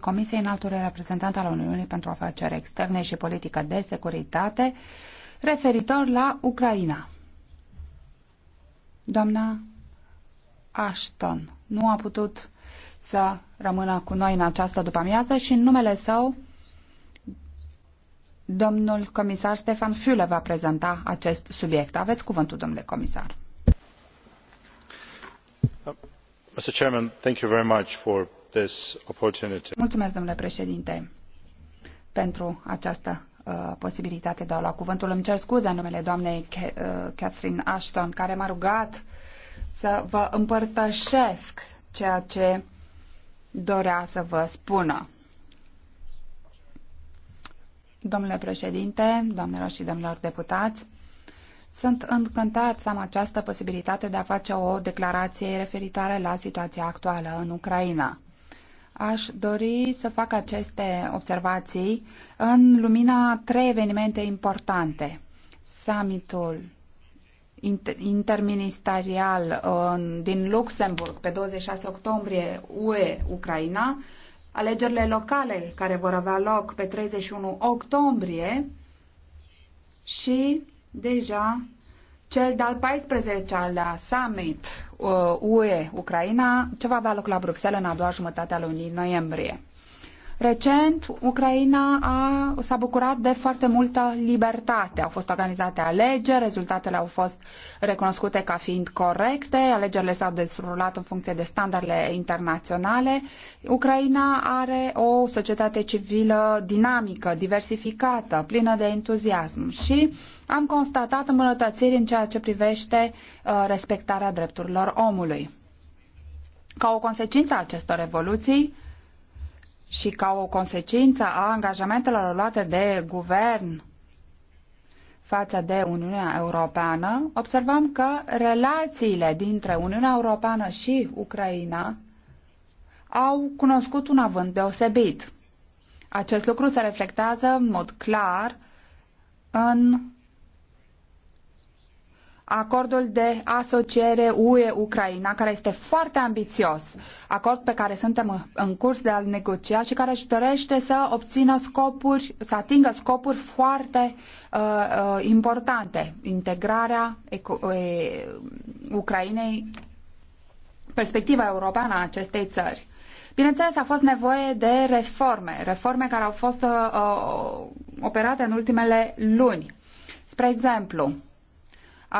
Comisiei Înaltului Reprezentant al Uniunii pentru Afaceri Externe și Politică de Securitate referitor la Ucraina. Doamna Ashton nu a putut să rămână cu noi în această după-amiază și în numele său domnul comisar Stefan fiule va prezenta acest subiect. Aveți cuvântul, domnule comisar. Mr. Chairman, thank you very much for Mulțumesc, domnule președinte, pentru această uh, posibilitate de a lua cuvântul. Îmi cer scuze în numele doamnei uh, Catherine Ashton, care m-a rugat să vă împărtășesc ceea ce dorea să vă spună. Domnule președinte, doamnelor și domnilor deputați, sunt încântat să am această posibilitate de a face o declarație referitoare la situația actuală în Ucraina. Aș dori să fac aceste observații în lumina trei evenimente importante. Summitul interministerial din Luxemburg pe 26 octombrie UE-Ucraina, alegerile locale care vor avea loc pe 31 octombrie și deja cel de-al 14-lea summit uh, UE-Ucraina, ce va avea loc la Bruxelles în a doua jumătate a lunii noiembrie. Recent, Ucraina a, s-a bucurat de foarte multă libertate. Au fost organizate alegeri, rezultatele au fost recunoscute ca fiind corecte, alegerile s-au desfășurat în funcție de standardele internaționale. Ucraina are o societate civilă dinamică, diversificată, plină de entuziasm și am constatat îmbunătățiri în ceea ce privește uh, respectarea drepturilor omului. Ca o consecință a acestor evoluții, și ca o consecință a angajamentelor luate de guvern față de Uniunea Europeană, observăm că relațiile dintre Uniunea Europeană și Ucraina au cunoscut un avânt deosebit. Acest lucru se reflectează în mod clar în acordul de asociere UE-Ucraina, care este foarte ambițios, acord pe care suntem în curs de a-l negocia și care își dorește să obțină scopuri, să atingă scopuri foarte uh, uh importante. Integrarea Ucrainei, perspectiva europeană a acestei țări. Bineînțeles, a fost nevoie de reforme, reforme care au fost uh, uh operate în ultimele luni. Spre exemplu,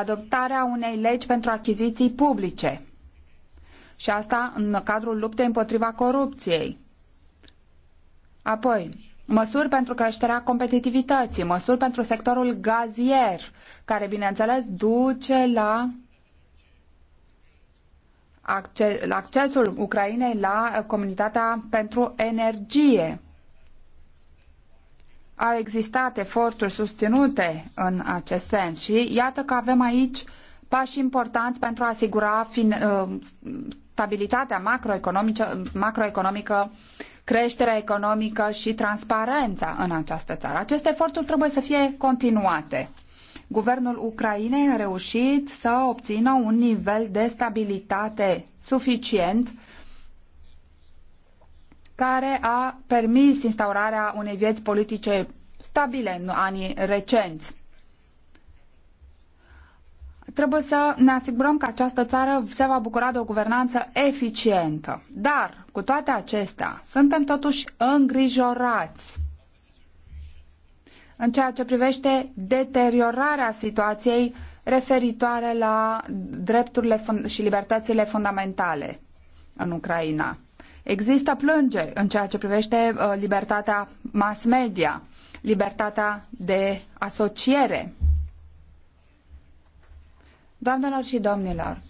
adoptarea unei legi pentru achiziții publice și asta în cadrul luptei împotriva corupției. Apoi, măsuri pentru creșterea competitivității, măsuri pentru sectorul gazier, care, bineînțeles, duce la accesul Ucrainei la comunitatea pentru energie. Au existat eforturi susținute în acest sens și iată că avem aici pași importanți pentru a asigura fin, uh, stabilitatea macroeconomică, macroeconomică, creșterea economică și transparența în această țară. Aceste eforturi trebuie să fie continuate. Guvernul Ucrainei a reușit să obțină un nivel de stabilitate suficient care a permis instaurarea unei vieți politice stabile în anii recenți. Trebuie să ne asigurăm că această țară se va bucura de o guvernanță eficientă. Dar, cu toate acestea, suntem totuși îngrijorați în ceea ce privește deteriorarea situației referitoare la drepturile și libertățile fundamentale în Ucraina. Există plângeri în ceea ce privește uh, libertatea mass media, libertatea de asociere. Doamnelor și domnilor,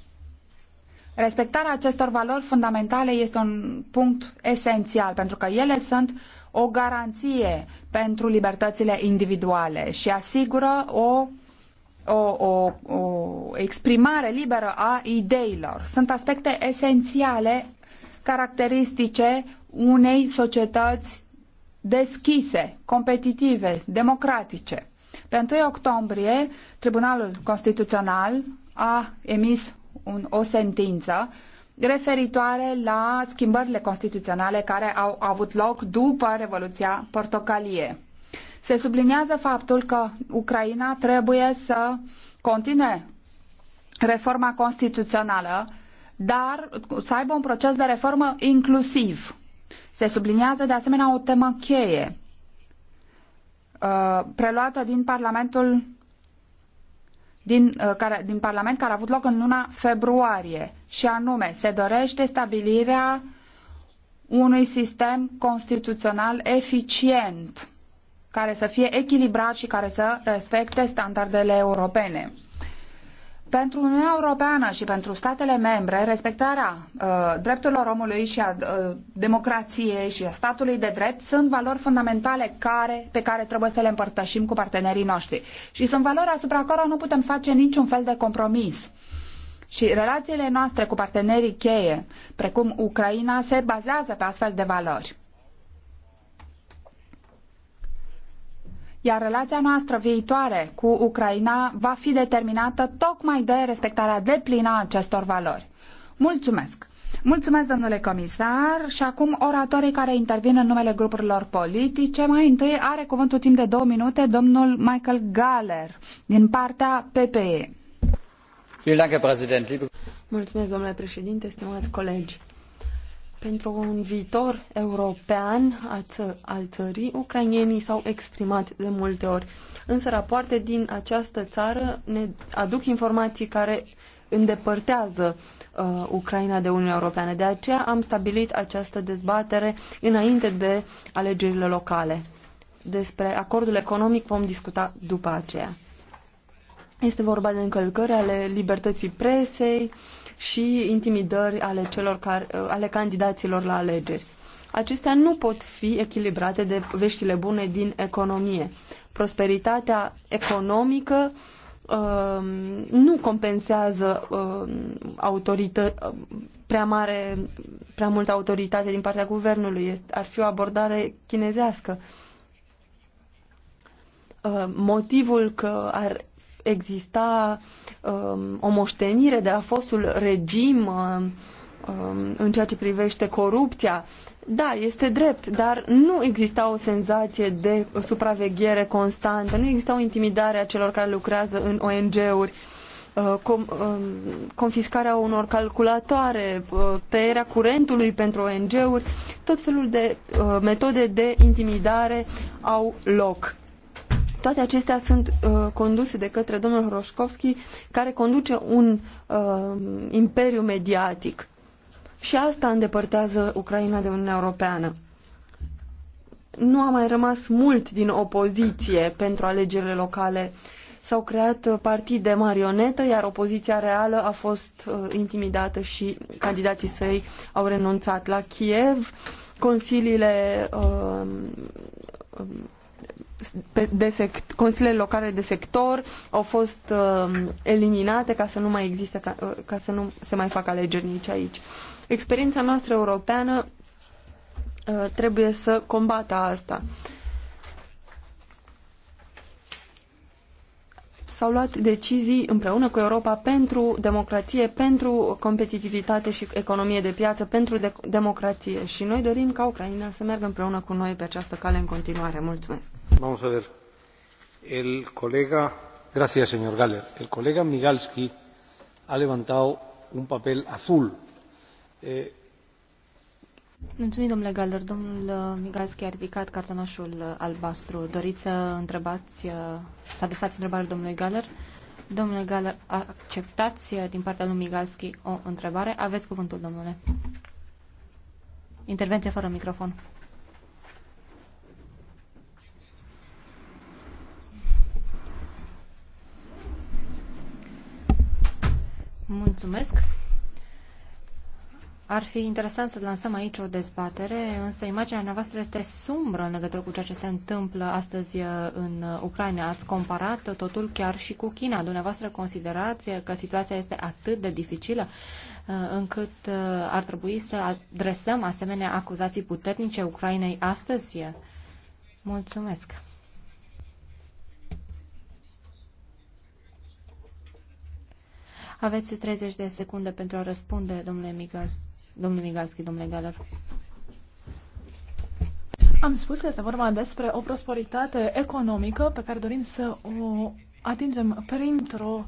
respectarea acestor valori fundamentale este un punct esențial, pentru că ele sunt o garanție pentru libertățile individuale și asigură o o, o, o, exprimare liberă a ideilor. Sunt aspecte esențiale caracteristice unei societăți deschise, competitive, democratice. Pe 1 octombrie, Tribunalul Constituțional a emis un, o sentință referitoare la schimbările constituționale care au avut loc după Revoluția Portocalie. Se subliniază faptul că Ucraina trebuie să continue reforma constituțională dar să aibă un proces de reformă inclusiv. Se subliniază de asemenea o temă cheie uh, preluată din Parlamentul din, uh, care, din Parlament care a avut loc în luna februarie și anume se dorește stabilirea unui sistem constituțional eficient care să fie echilibrat și care să respecte standardele europene. Pentru Uniunea Europeană și pentru statele membre, respectarea uh, drepturilor omului și a uh, democrației și a statului de drept sunt valori fundamentale care, pe care trebuie să le împărtășim cu partenerii noștri. Și sunt valori asupra cărora nu putem face niciun fel de compromis. Și relațiile noastre cu partenerii cheie, precum Ucraina, se bazează pe astfel de valori. iar relația noastră viitoare cu Ucraina va fi determinată tocmai de respectarea deplină a acestor valori. Mulțumesc! Mulțumesc, domnule comisar, și acum oratorii care intervin în numele grupurilor politice. Mai întâi are cuvântul timp de două minute domnul Michael Galler, din partea PPE. Mulțumesc, domnule președinte, stimați colegi pentru un viitor european al țării, ucrainienii s-au exprimat de multe ori. Însă rapoarte din această țară ne aduc informații care îndepărtează uh, Ucraina de Uniunea Europeană. De aceea am stabilit această dezbatere înainte de alegerile locale. Despre acordul economic vom discuta după aceea. Este vorba de încălcări ale libertății presei, uh, și intimidări ale, celor care, uh, ale candidaților la alegeri. Acestea nu pot fi echilibrate de veștile bune din economie. Prosperitatea economică uh, nu compensează uh, autorită, uh, prea, mare, prea multă autoritate din partea guvernului. Este, ar fi o abordare chinezească uh, motivul că ar exista um, o moștenire de la fostul regim uh, um, în ceea ce privește corupția. Da, este drept, dar nu exista o senzație de supraveghere constantă, nu exista o intimidare a celor care lucrează în ONG-uri, uh, um, confiscarea unor calculatoare, uh, tăierea curentului pentru ONG-uri, tot felul de metode de intimidare au loc toate acestea sunt uh, conduse de către domnul Roșkovski, care conduce un uh, imperiu mediatic. Și asta îndepărtează Ucraina de Uniunea Europeană. Nu a mai rămas mult din opoziție pentru alegerile locale. S-au creat uh, partide marionetă, iar opoziția reală a fost uh, intimidată și candidații săi au renunțat la Kiev. Consiliile uh, de sect, consiliile locale de sector au fost uh, eliminate ca să nu mai existe, ca, uh, ca să nu se mai facă alegeri nici aici. Experiența noastră europeană uh, trebuie să combată asta. Uh, s-au luat decizii împreună cu Europa pentru democrație, pentru competitivitate și economie de piață, pentru de- democrație. Și noi dorim ca Ucraina să meargă împreună cu noi pe această cale în continuare. Mulțumesc. Vamos a ver. El colega, gracias señor Galler. El colega Migalski ha levantado un papel azul. Eh, Mulțumim, domnule Galer. Domnul uh, Migalski a ridicat cartonașul uh, albastru. Doriți să întrebați, uh, să adresați întrebare domnului Galer? Domnule Galer, acceptați din partea domnului Migalski o întrebare? Aveți cuvântul, domnule. Intervenție fără microfon. Mulțumesc. Ar fi interesant să lansăm aici o dezbatere, însă imaginea noastră este sumbră în legătură cu ceea ce se întâmplă astăzi uh, în uh, Ucraina. Ați comparat totul chiar și cu China. Dumneavoastră considerați că situația este atât de dificilă uh, încât ar trebui să adresăm asemenea acuzații puternice Ucrainei astăzi? Mulțumesc! Aveți 30 de secunde pentru a răspunde, domnule Migas domnul Migalski, domnule Galer. Am spus că este vorba despre o prosperitate economică pe care dorim să o atingem printr-o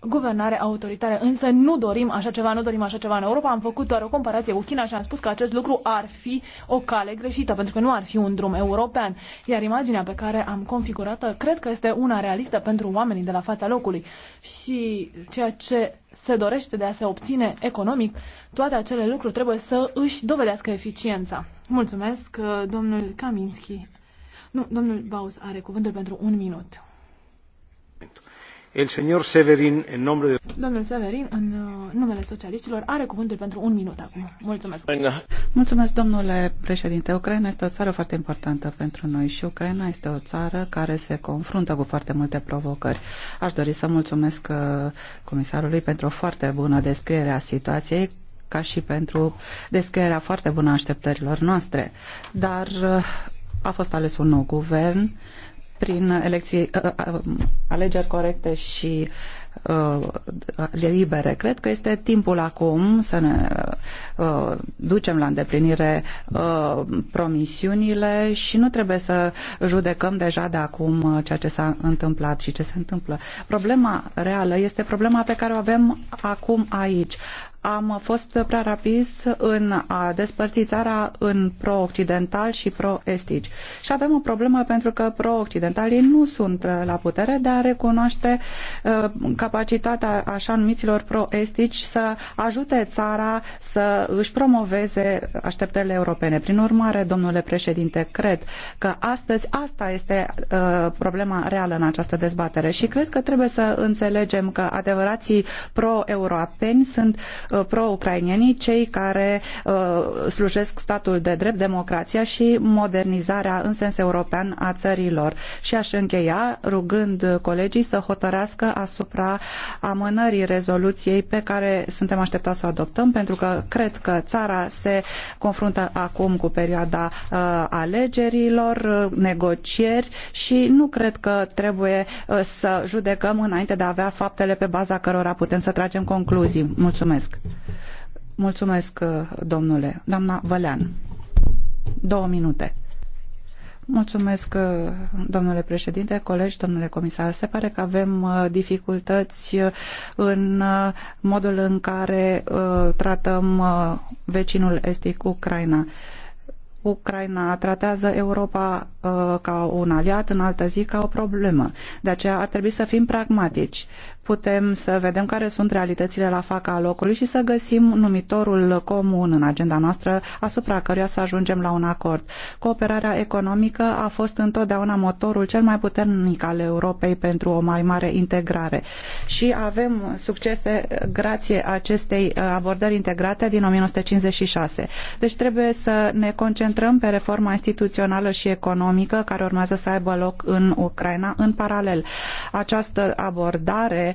guvernare autoritară. Însă nu dorim așa ceva, nu dorim așa ceva în Europa. Am făcut doar o comparație cu China și am spus că acest lucru ar fi o cale greșită, pentru că nu ar fi un drum european. Iar imaginea pe care am configurată cred că este una realistă pentru oamenii de la fața locului. Și ceea ce se dorește de a se obține economic, toate acele lucruri trebuie să își dovedească eficiența. Mulțumesc, domnul Kaminski. Nu, domnul Baus are cuvântul pentru un minut. Severin, în Domnul uh, Severin, numele socialiștilor, are cuvântul pentru un minut acum. Mulțumesc. Mulțumesc, domnule președinte. Ucraina este o țară foarte importantă pentru noi și Ucraina este o țară care se confruntă cu foarte multe provocări. Aș dori să mulțumesc uh, comisarului pentru o foarte bună descriere a situației ca și pentru descrierea foarte bună a așteptărilor noastre. Dar uh, a fost ales un nou guvern prin elecții, ă, ă, ă, alegeri corecte și libere. Cred că este timpul acum să ne ducem la îndeplinire promisiunile și nu trebuie să judecăm deja de acum ceea ce s-a întâmplat și ce se întâmplă. Problema reală este problema pe care o avem acum aici am fost prea rapis în a despărți țara în pro-occidental și pro-estici. Și avem o problemă pentru că pro-occidentalii nu sunt la putere de a recunoaște uh, capacitatea așa numiților pro-estici să ajute țara să își promoveze așteptările europene. Prin urmare, domnule președinte, cred că astăzi asta este uh, problema reală în această dezbatere și cred că trebuie să înțelegem că adevărații pro-europeni sunt uh, Uh, pro-ucrainienii, cei care uh, slujesc statul de drept, democrația și modernizarea în sens european a țărilor. Și aș încheia rugând colegii să hotărească asupra amânării rezoluției pe care suntem așteptați să o adoptăm, pentru că cred că țara se confruntă acum cu perioada uh, alegerilor, negocieri și nu cred că trebuie să judecăm înainte de a avea faptele pe baza cărora putem să tragem concluzii. Mulțumesc! Mulțumesc, uh, domnule. Doamna Vălean, două minute. Mulțumesc, uh, domnule președinte, colegi, domnule comisar. Se pare că avem uh, dificultăți în modul în care tratăm vecinul estic Ucraina. Ucraina tratează Europa ca un aliat, în altă zi ca o problemă. De aceea ar trebui să fim pragmatici putem să vedem care sunt realitățile la faca locului și să găsim numitorul comun în agenda noastră asupra căruia să ajungem la un acord. Cooperarea economică a fost întotdeauna motorul cel mai puternic al Europei pentru o mai mare integrare și avem succese grație acestei uh, abordări integrate din 1956. Deci trebuie să ne concentrăm pe reforma instituțională și economică care urmează să aibă loc în Ucraina în paralel. Această abordare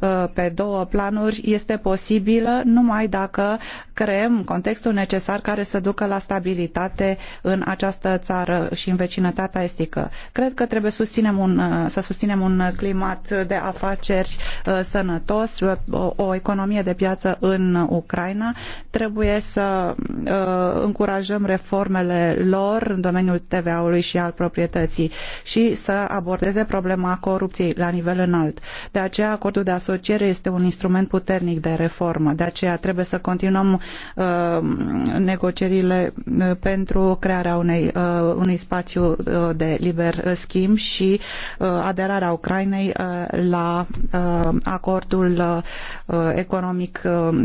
Uh, pe două planuri este posibilă numai dacă creăm contextul necesar care să ducă la stabilitate în această țară și în vecinătatea estică. Cred că trebuie susținem un, uh, să susținem un climat de afaceri uh, sănătos, o economie de piață în Ucraina. Trebuie să încurajăm reformele lor în domeniul TVA-ului și al proprietății și să abordeze problema corupției la nivel înalt. De aceea, acordul de asociere asociere este un instrument puternic de reformă. De aceea trebuie să continuăm uh, negocierile uh, pentru crearea unei, uh, unui spațiu uh, de liber schimb și uh, aderarea Ucrainei uh, la acordul economic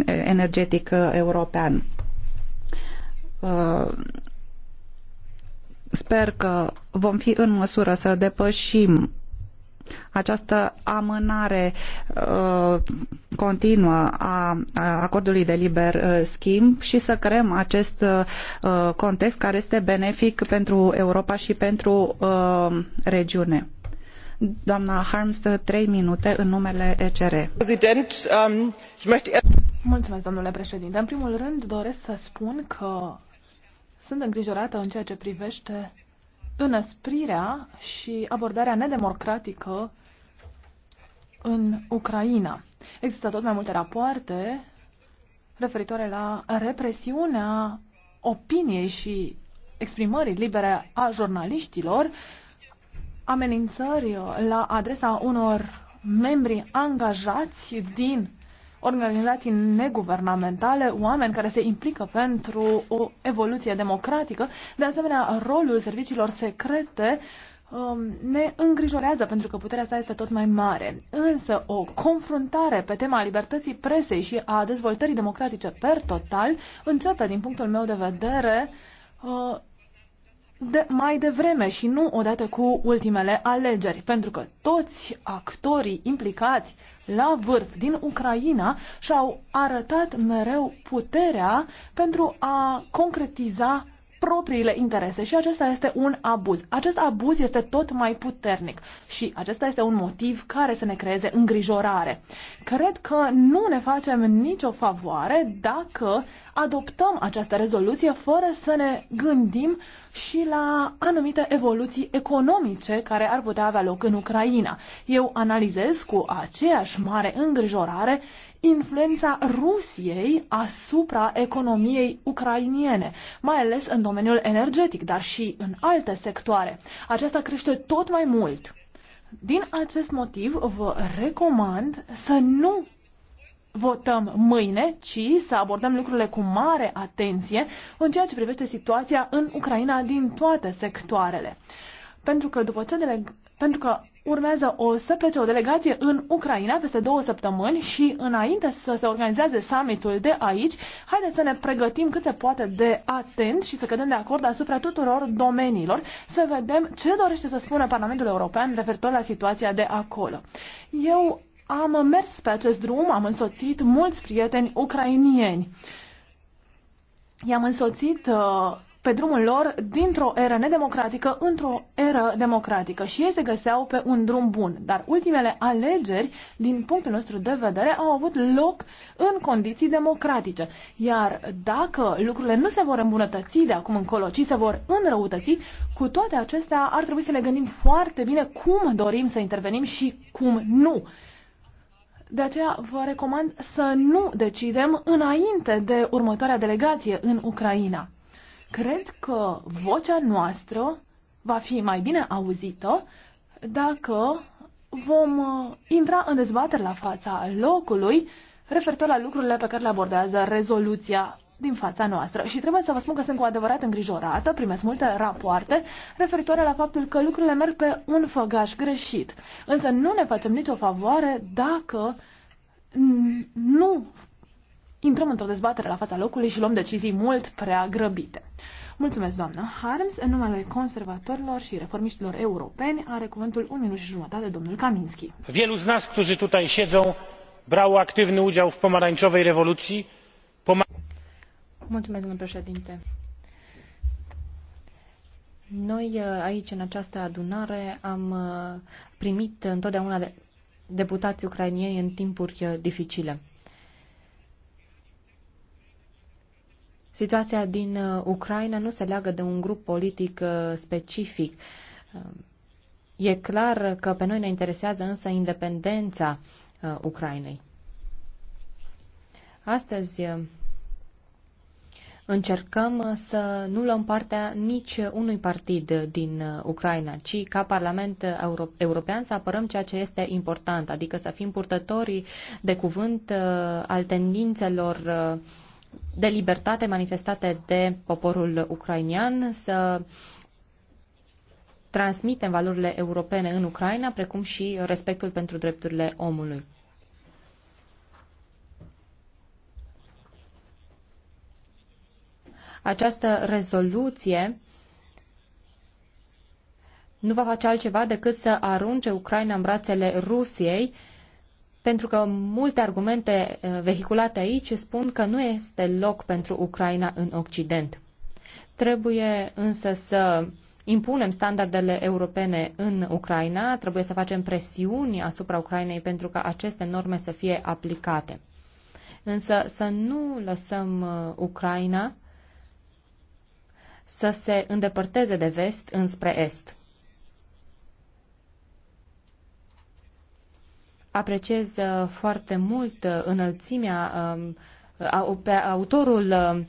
energetic european. Sper că vom fi în măsură să depășim această amânare uh, continuă a, acordului de liber uh, schimb și să creăm acest uh, context care este benefic pentru Europa și pentru uh, regiune. Doamna Harms, trei minute în numele ECR. Um, Mulțumesc, domnule președinte. În primul rând doresc să spun că sunt îngrijorată în ceea ce privește înăsprirea și abordarea nedemocratică în Ucraina. Există tot mai multe rapoarte referitoare la represiunea opiniei și exprimării libere a jurnaliștilor, amenințări la adresa unor membri angajați din organizații neguvernamentale, oameni care se implică pentru o evoluție democratică. De asemenea, rolul serviciilor secrete um, ne îngrijorează pentru că puterea sa este tot mai mare. Însă o confruntare pe tema libertății presei și a dezvoltării democratice per total începe, din punctul meu de vedere, uh, de mai devreme și nu odată cu ultimele alegeri, pentru că toți actorii implicați la vârf din Ucraina și au arătat mereu puterea pentru a concretiza propriile interese și acesta este un abuz. Acest abuz este tot mai puternic și acesta este un motiv care să ne creeze îngrijorare. Cred că nu ne facem nicio favoare dacă adoptăm această rezoluție fără să ne gândim și la anumite evoluții economice care ar putea avea loc în Ucraina. Eu analizez cu aceeași mare îngrijorare influența Rusiei asupra economiei ucrainiene, mai ales în domeniul energetic, dar și în alte sectoare. Aceasta crește tot mai mult. Din acest motiv, vă recomand să nu votăm mâine, ci să abordăm lucrurile cu mare atenție în ceea ce privește situația în Ucraina din toate sectoarele. Pentru că după ce deleg- pentru că urmează o, să plece o delegație în Ucraina peste două săptămâni și înainte să se organizeze summitul de aici, haideți să ne pregătim cât se poate de atent și să cădem de acord asupra tuturor domeniilor, să vedem ce dorește să spună Parlamentul European referitor la situația de acolo. Eu am mers pe acest drum, am însoțit mulți prieteni ucrainieni. I-am însoțit uh, pe drumul lor dintr-o eră nedemocratică într-o eră democratică și ei se găseau pe un drum bun. Dar ultimele alegeri, din punctul nostru de vedere, au avut loc în condiții democratice. Iar dacă lucrurile nu se vor îmbunătăți de acum încolo, ci se vor înrăutăți, cu toate acestea ar trebui să ne gândim foarte bine cum dorim să intervenim și cum nu. De aceea vă recomand să nu decidem înainte de următoarea delegație în Ucraina. Cred că vocea noastră va fi mai bine auzită dacă vom uh, intra în dezbatere la fața locului referitor la lucrurile pe care le abordează rezoluția din fața noastră. Și trebuie să vă spun că sunt cu adevărat îngrijorată, primesc multe rapoarte referitoare la faptul că lucrurile merg pe un făgaș greșit. Însă nu ne facem nicio favoare dacă nu intrăm într-o dezbatere la fața locului și luăm decizii mult prea grăbite. Mulțumesc, doamnă Harms. În numele conservatorilor și reformiștilor europeni are cuvântul un minut și jumătate domnul Kaminski. Wielu z nas, którzy tutaj siedzą, brało aktywny udział w pomarańczowej rewolucji. Poma Mulțumesc, domnule președinte. Noi uh, aici, în această adunare, am uh, primit întotdeauna deputații ucrainieni în timpuri uh, dificile. Situația din uh, Ucraina nu se leagă de un grup politic uh, specific. Uh, e clar că pe noi ne interesează însă independența Ucrainei. Astăzi încercăm să nu luăm partea nici unui partid din Ucraina, ci ca Parlament European să apărăm ceea ce este important, adică să fim purtătorii de cuvânt al tendințelor de libertate manifestate de poporul ucrainian, să transmitem valorile europene în Ucraina, precum și respectul pentru drepturile omului. Această rezoluție nu va face altceva decât să arunce Ucraina în brațele Rusiei, pentru că multe argumente eh, vehiculate aici spun că nu este loc pentru Ucraina în Occident. Trebuie însă să impunem standardele europene în Ucraina, trebuie să facem presiuni asupra Ucrainei pentru ca aceste norme să fie aplicate. Însă să nu lăsăm eh, Ucraina să se îndepărteze de vest înspre est. apreciez uh, foarte mult uh, înălțimea um, pe autorul uh,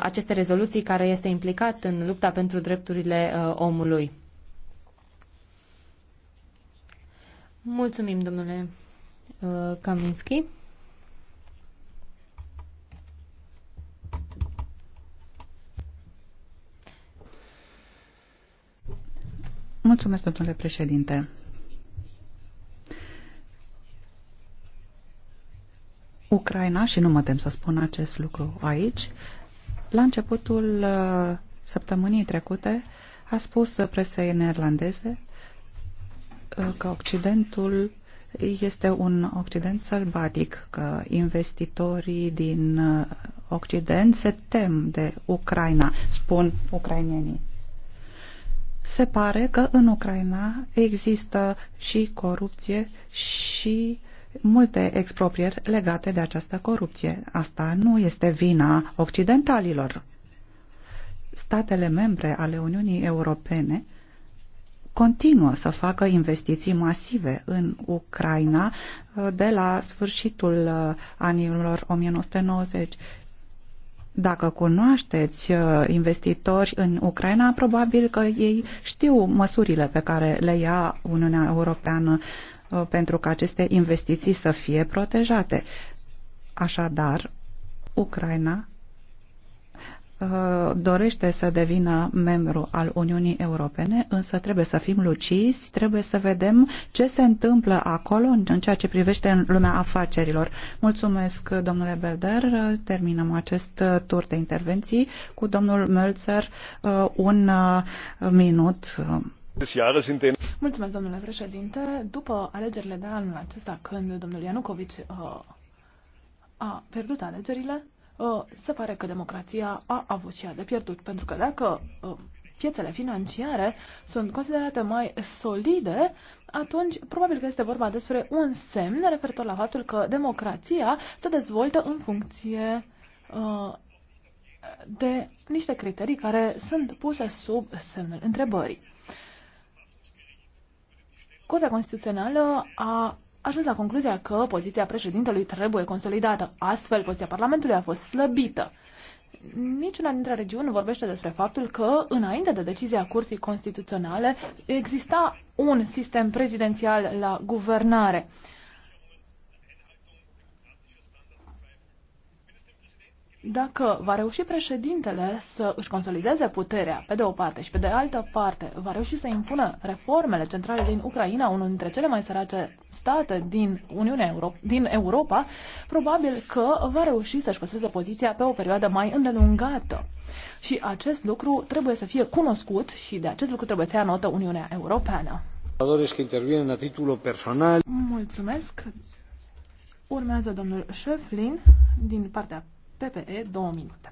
acestei rezoluții care este implicat în lupta pentru drepturile omului. Mulțumim, domnule Kaminski. Mulțumesc, domnule președinte. Ucraina, și nu mă tem să spun acest lucru aici, la începutul uh, săptămânii trecute a spus presei neerlandeze uh, că Occidentul este un Occident sălbatic, că investitorii din uh, Occident se tem de Ucraina, spun ucrainienii. Se pare că în Ucraina există și corupție și uh, multe exproprieri legate de această corupție. Asta nu este vina occidentalilor. Statele membre ale Uniunii Europene continuă să facă investiții masive în Ucraina uh, de la sfârșitul uh, anilor 1990. Dacă cunoașteți uh, investitori în Ucraina, probabil că ei știu măsurile pe care le ia Uniunea Europeană Uh, pentru ca aceste investiții să fie protejate. Așadar, Ucraina uh, dorește să devină membru al Uniunii Europene, însă trebuie să fim lucizi, trebuie să vedem ce se întâmplă acolo în ceea ce privește în lumea afacerilor. Mulțumesc, domnule Belder. Terminăm acest uh, tur de intervenții cu domnul Mölzer un minut domnule președinte. După alegerile de anul acesta, când domnul ianukovici uh, a pierdut alegerile, uh, se pare că democrația a avut și ea de pierdut, pentru că dacă uh, piețele financiare sunt considerate mai solide, atunci probabil că este vorba despre un semn referitor la faptul că democrația se dezvoltă în funcție uh, de niște criterii care sunt puse sub semnul întrebării. Curtea Constituțională a ajuns la concluzia că poziția președintelui trebuie consolidată. Astfel, poziția Parlamentului a fost slăbită. Niciuna dintre regiuni nu vorbește despre faptul că, înainte de decizia Curții Constituționale, exista un sistem prezidențial la guvernare. Uh, dacă va reuși președintele să își consolideze puterea, pe de o parte, și pe de altă parte, va reuși să impună reformele centrale din Ucraina, unul dintre cele mai sărace state din Uniunea Euro- din Europa, probabil că va reuși să-și păstreze poziția pe o perioadă mai îndelungată. Și acest lucru trebuie să fie cunoscut și de acest lucru trebuie să ia notă Uniunea Europeană. Mulțumesc. Urmează domnul Șeflin din partea PPE, două minute.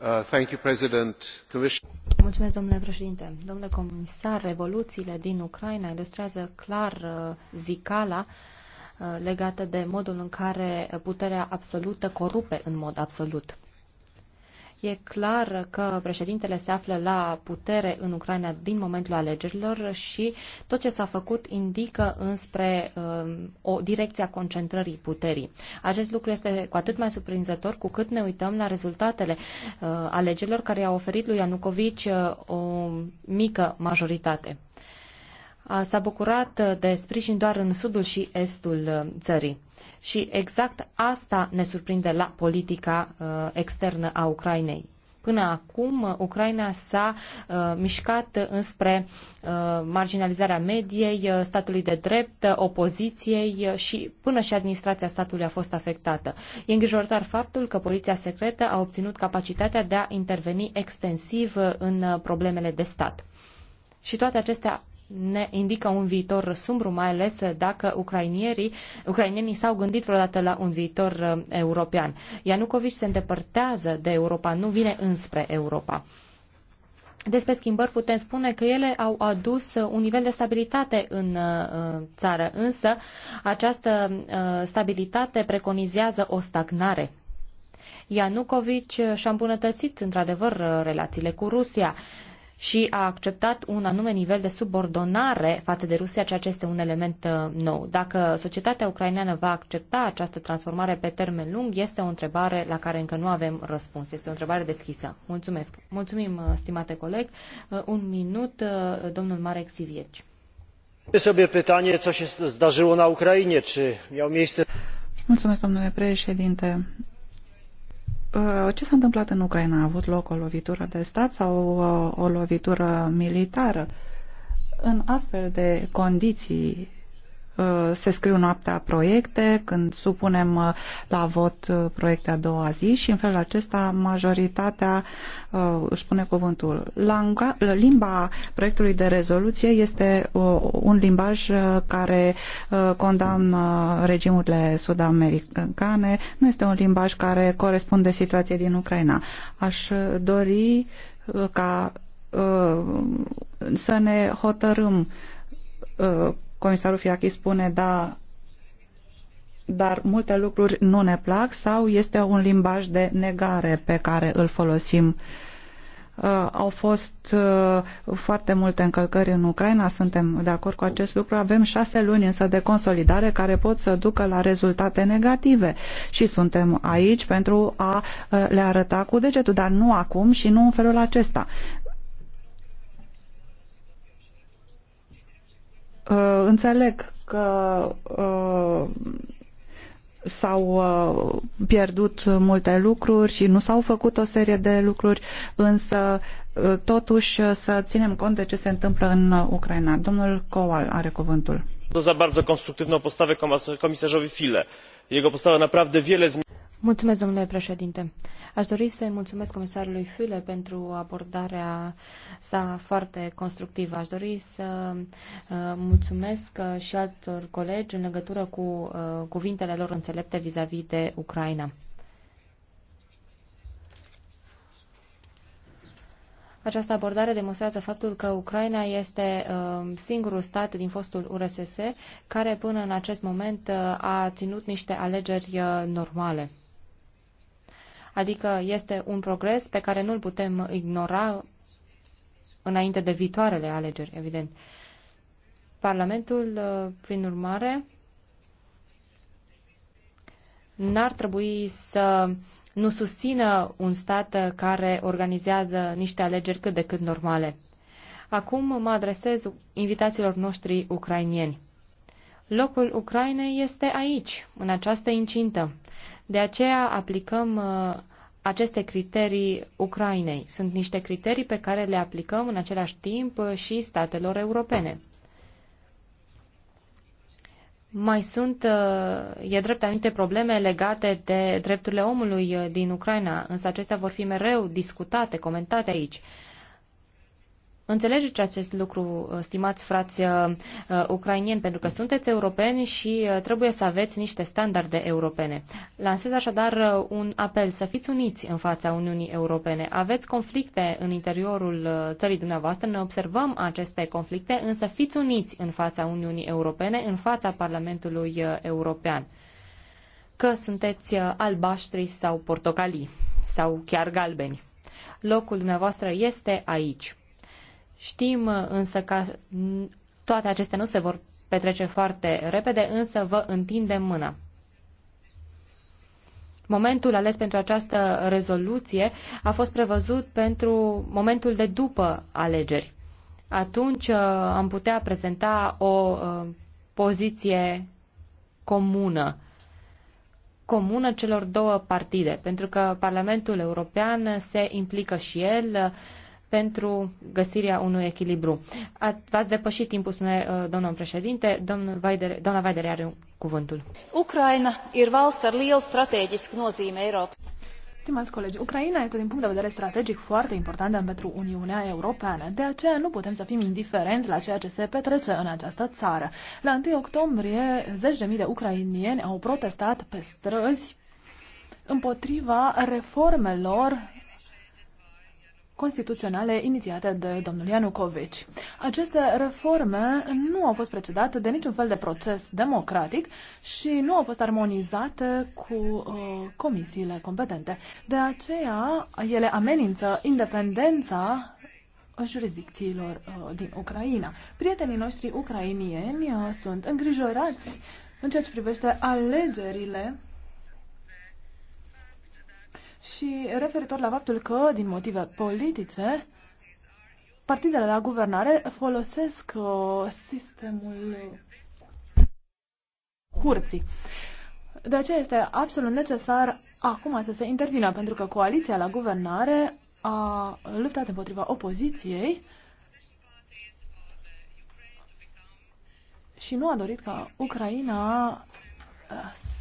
Uh, thank you, President. Commission... Mulțumesc, domnule președinte. Domnule comisar, revoluțiile din Ucraina ilustrează clar uh, zicala uh, legată de modul în care puterea absolută corupe în mod absolut. E clar că președintele se află la putere în Ucraina din momentul alegerilor și tot ce s-a făcut indică înspre uh, o direcție a concentrării puterii. Acest lucru este cu atât mai surprinzător cu cât ne uităm la rezultatele uh, alegerilor care i-au oferit lui Ianucovici uh, o mică majoritate. s-a bucurat de sprijin doar în sudul și estul uh, țării. Și exact asta ne surprinde la politica uh, externă a Ucrainei. Până acum, uh, Ucraina s-a uh, mișcat înspre uh, marginalizarea mediei, uh, statului de drept, opoziției și până și administrația statului a fost afectată. E îngrijorător faptul că poliția secretă a obținut capacitatea de a interveni extensiv în problemele de stat. Și toate acestea ne indică un viitor sumbru, mai ales dacă ucrainienii s-au gândit vreodată la un viitor uh, european. Ianucovici se îndepărtează de Europa, nu vine înspre Europa. Despre schimbări putem spune că ele au adus uh, un nivel de stabilitate în uh, țară, însă această stabilitate preconizează o stagnare. Ianucovici și-a îmbunătățit într-adevăr relațiile cu Rusia și a acceptat un anume nivel de subordonare față de Rusia, ceea ce este un element uh, nou. Dacă societatea ucraineană va accepta această transformare pe termen lung, este o întrebare la care încă nu avem răspuns. Este o întrebare deschisă. Mulțumesc. Mulțumim, uh, stimate coleg. Uh, un minut, domnul Marek Sivieci. sobie pytanie, co się zdarzyło na Ukrainie, czy miał miejsce... Mulțumesc, domnule președinte. Uh, ce s-a întâmplat în Ucraina? A avut loc o lovitură de stat sau o, uh, o lovitură militară? În astfel de condiții Uh, se scriu noaptea proiecte, când supunem uh, la vot uh, proiecte a doua zi și în felul acesta majoritatea își pune cuvântul. limba proiectului de rezoluție este un limbaj care condamnă regimurile sud-americane, nu este un limbaj care corespunde situației din Ucraina. Aș dori ca să ne hotărâm comisarul Fiachi spune, da, dar multe lucruri nu ne plac sau este un limbaj de negare pe care îl folosim. Uh, au fost uh, foarte multe încălcări în Ucraina, suntem de acord cu acest lucru. Avem șase luni însă de consolidare care pot să ducă la rezultate negative și suntem aici pentru a uh, le arăta cu degetul, dar nu acum și nu în felul acesta. Uh, înțeleg că uh, s-au uh, pierdut multe lucruri și nu s-au făcut o serie de lucruri, însă uh, totuși să ținem cont de ce se întâmplă în Ucraina. Domnul Coal are cuvântul za bardzo konstruktywną postawę komisarzowi fle. jego postawa naprawdę wiele Mulțumesc, domnule președinte. Aș dori să-i mulțumesc comisarului Fule pentru abordarea sa foarte constructivă. Aș dori să uh, mulțumesc uh, și altor colegi în legătură cu uh, cuvintele lor înțelepte vis a -vis de Ucraina. Această abordare demonstrează faptul că Ucraina este um, singurul stat din fostul URSS care până în acest moment uh, a ținut niște alegeri uh, normale. Adică este un progres pe care nu-l putem ignora înainte de viitoarele alegeri, evident. Parlamentul, uh, prin urmare, n-ar trebui să nu susțină un stat care organizează niște alegeri cât de cât normale. Acum mă adresez invitațiilor noștri ucrainieni. Locul Ucrainei este aici, în această incintă. De aceea aplicăm uh, aceste criterii Ucrainei. Sunt niște criterii pe care le aplicăm în același timp și statelor europene. Mai sunt, uh, e drept anumite probleme legate de drepturile omului uh, din Ucraina, însă acestea vor fi mereu discutate, comentate aici. Înțelegeți acest lucru, uh, stimați frați uh, uh, ucrainieni, pentru că sunteți europeni și uh, trebuie să aveți niște standarde europene. Lansez așadar uh, un apel să fiți uniți în fața Uniunii Europene. Aveți conflicte în interiorul uh, țării dumneavoastră, ne observăm aceste conflicte, însă fiți uniți în fața Uniunii Europene, în fața Parlamentului European. Că sunteți albaștri sau portocalii sau chiar galbeni. Locul dumneavoastră este aici Știm uh, însă că toate acestea nu se vor petrece foarte repede, însă vă întindem mâna. Momentul ales pentru această rezoluție a fost prevăzut pentru momentul de după alegeri. Atunci uh, am putea prezenta o uh, poziție comună comună celor două partide, pentru că Parlamentul European se implică și el pentru găsirea unui echilibru. V-ați depășit timpul, spune uh, domnul președinte. Domnul Vaidere, doamna Vaidere are cuvântul. Ucraina ir valsts ar lielu strategisku nozīmi Eiropas. Stimați colegi, Ucraina este din punct de vedere strategic foarte importantă pentru Uniunea Europeană. De aceea nu putem să fim indiferenți la ceea ce se petrece în această țară. La 1 octombrie, zeci de mii de ucrainieni au protestat pe străzi împotriva reformelor constituționale inițiate de domnul Ianucovici. Aceste reforme nu au fost precedate de niciun fel de proces democratic și nu au fost armonizate cu uh, comisiile competente. De aceea, ele amenință independența jurisdicțiilor uh, din Ucraina. Prietenii noștri ucrainieni uh, sunt îngrijorați în ceea ce privește alegerile și referitor la faptul că, din motive politice, partidele la guvernare folosesc uh, sistemul curții. De aceea este absolut necesar acum să se intervină, pentru că coaliția la guvernare a luptat împotriva opoziției și nu a dorit ca Ucraina uh,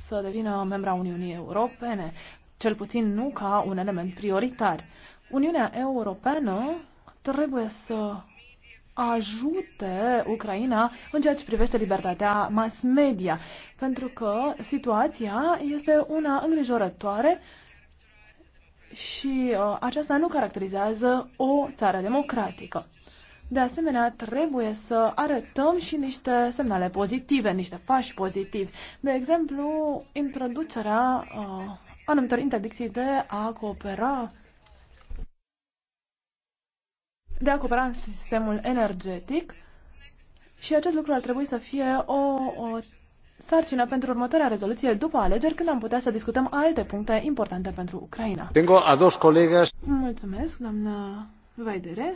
să devină membra Uniunii Europene cel puțin nu ca un element prioritar. Uniunea Europeană trebuie să ajute Ucraina în ceea ce privește libertatea mass media, pentru că situația este una îngrijorătoare și uh, aceasta nu caracterizează o țară democratică. De asemenea, trebuie să arătăm și niște semnale pozitive, niște pași pozitivi. De exemplu, introducerea uh, anumitor interdicții de a coopera de a coopera în sistemul energetic și acest lucru ar trebui să fie o, o sarcină pentru următoarea rezoluție după alegeri, când am putea să discutăm alte puncte importante pentru Ucraina. Tengo a dos colegas. Mulțumesc, doamna Vaidere.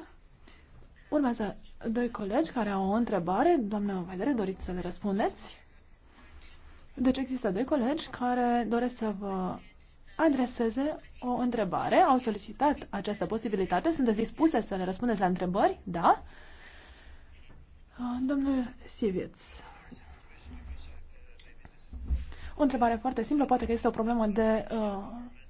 Urmează doi colegi care au o întrebare. Doamna Vaidere, doriți să le răspundeți? Deci există doi colegi care doresc să vă adreseze o întrebare. Au solicitat această posibilitate. Sunteți dispuse să le răspundeți la întrebări? Da? Uh, domnul Sivieț. O întrebare foarte simplă, poate că este o problemă de uh,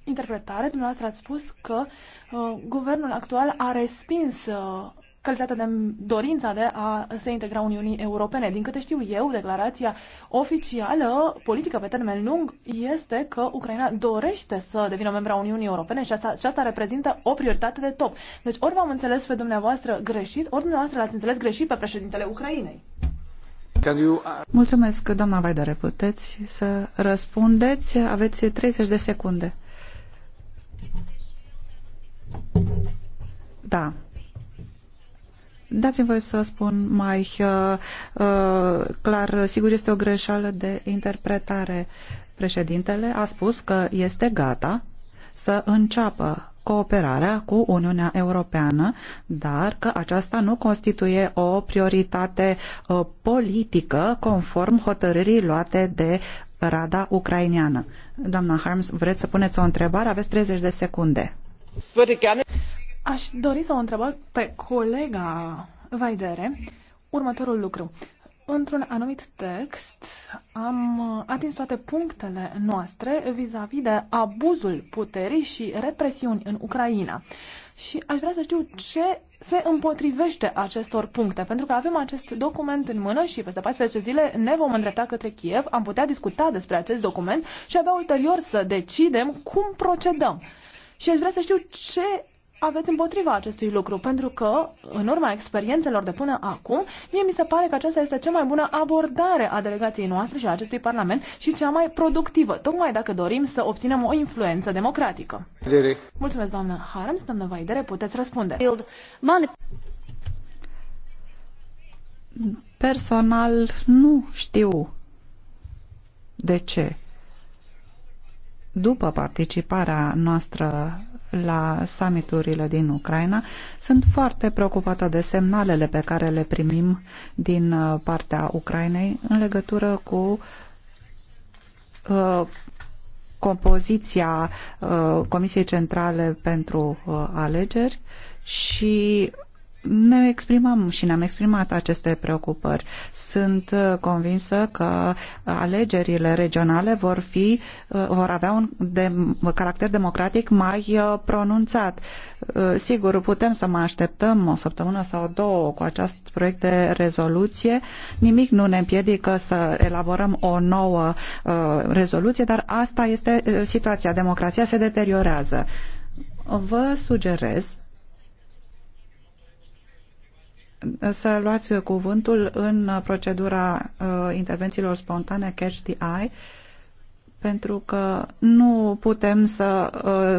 interpretare. Dumneavoastră ați spus că uh, guvernul actual a respins uh, Calitatea de dorința de a se integra Uniunii Europene. Din câte știu eu, declarația oficială, politică pe termen lung, este că Ucraina dorește să devină membra Uniunii Europene și asta, și asta reprezintă o prioritate de top. Deci ori v-am înțeles pe dumneavoastră greșit, ori dumneavoastră l-ați înțeles greșit pe președintele Ucrainei. You... Uh, Mulțumesc, doamna Vaidare. Puteți să răspundeți. Aveți 30 de secunde. Da. Dați-mi voie să spun mai uh, uh, clar, sigur este o greșeală de interpretare. Președintele a spus că este gata să înceapă cooperarea cu Uniunea Europeană, dar că aceasta nu constituie o prioritate uh, politică conform hotărârii luate de Rada ucraineană. Doamna Harms, vreți să puneți o întrebare? Aveți 30 de secunde. Aș dori să o întreb pe colega Vaidere următorul lucru. Într-un anumit text am atins toate punctele noastre vis-a-vis -vis de abuzul puterii și represiuni în Ucraina. Și aș vrea să știu ce se împotrivește acestor puncte, pentru că avem acest document în mână și peste 14 zile ne vom îndrepta către Kiev, am putea discuta despre acest document și abia ulterior să decidem cum procedăm. Și aș vrea să știu ce aveți împotriva acestui lucru, pentru că, în urma experiențelor de până acum, mie mi se pare că aceasta este cea mai bună abordare a delegației noastre și a acestui Parlament și cea mai productivă, tocmai dacă dorim să obținem o influență democratică. Vedere. Mulțumesc, doamnă Harms, doamnă Vaidere, puteți răspunde. Personal, nu știu de ce. După participarea noastră la summiturile din Ucraina, sunt foarte preocupată de semnalele pe care le primim din uh, partea Ucrainei în legătură cu uh, compoziția uh, Comisiei Centrale pentru uh, Alegeri și ne exprimăm și ne-am exprimat aceste preocupări. Sunt uh, convinsă că alegerile regionale vor, fi, uh, vor avea un de, caracter democratic mai uh, pronunțat. Sigur, putem să mai așteptăm o săptămână sau două cu acest proiect de rezoluție. Nimic nu ne împiedică să elaborăm o nouă rezoluție, dar asta este situația. Democrația se deteriorează. Vă sugerez să luați cuvântul în procedura uh, intervențiilor spontane Catch the Eye pentru că nu putem să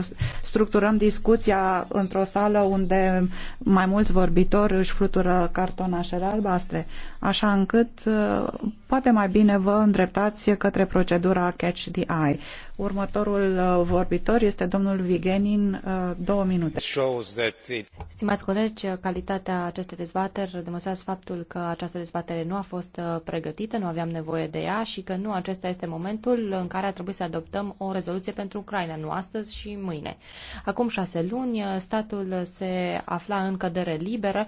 uh, structurăm discuția într-o sală unde mai mulți vorbitori își flutură cartonașele albastre, așa încât uh, poate mai bine vă îndreptați către procedura Catch the Eye. Următorul uh, vorbitor este domnul Vigenin, uh, două minute. Stimați colegi, calitatea acestei dezbateri demonstrează faptul că această dezbatere nu a fost uh, pregătită, nu aveam nevoie de ea și că nu acesta este momentul în care ar trebui să adoptăm o rezoluție pentru Ucraina, nu astăzi și mâine. Acum șase luni, statul se afla în cădere liberă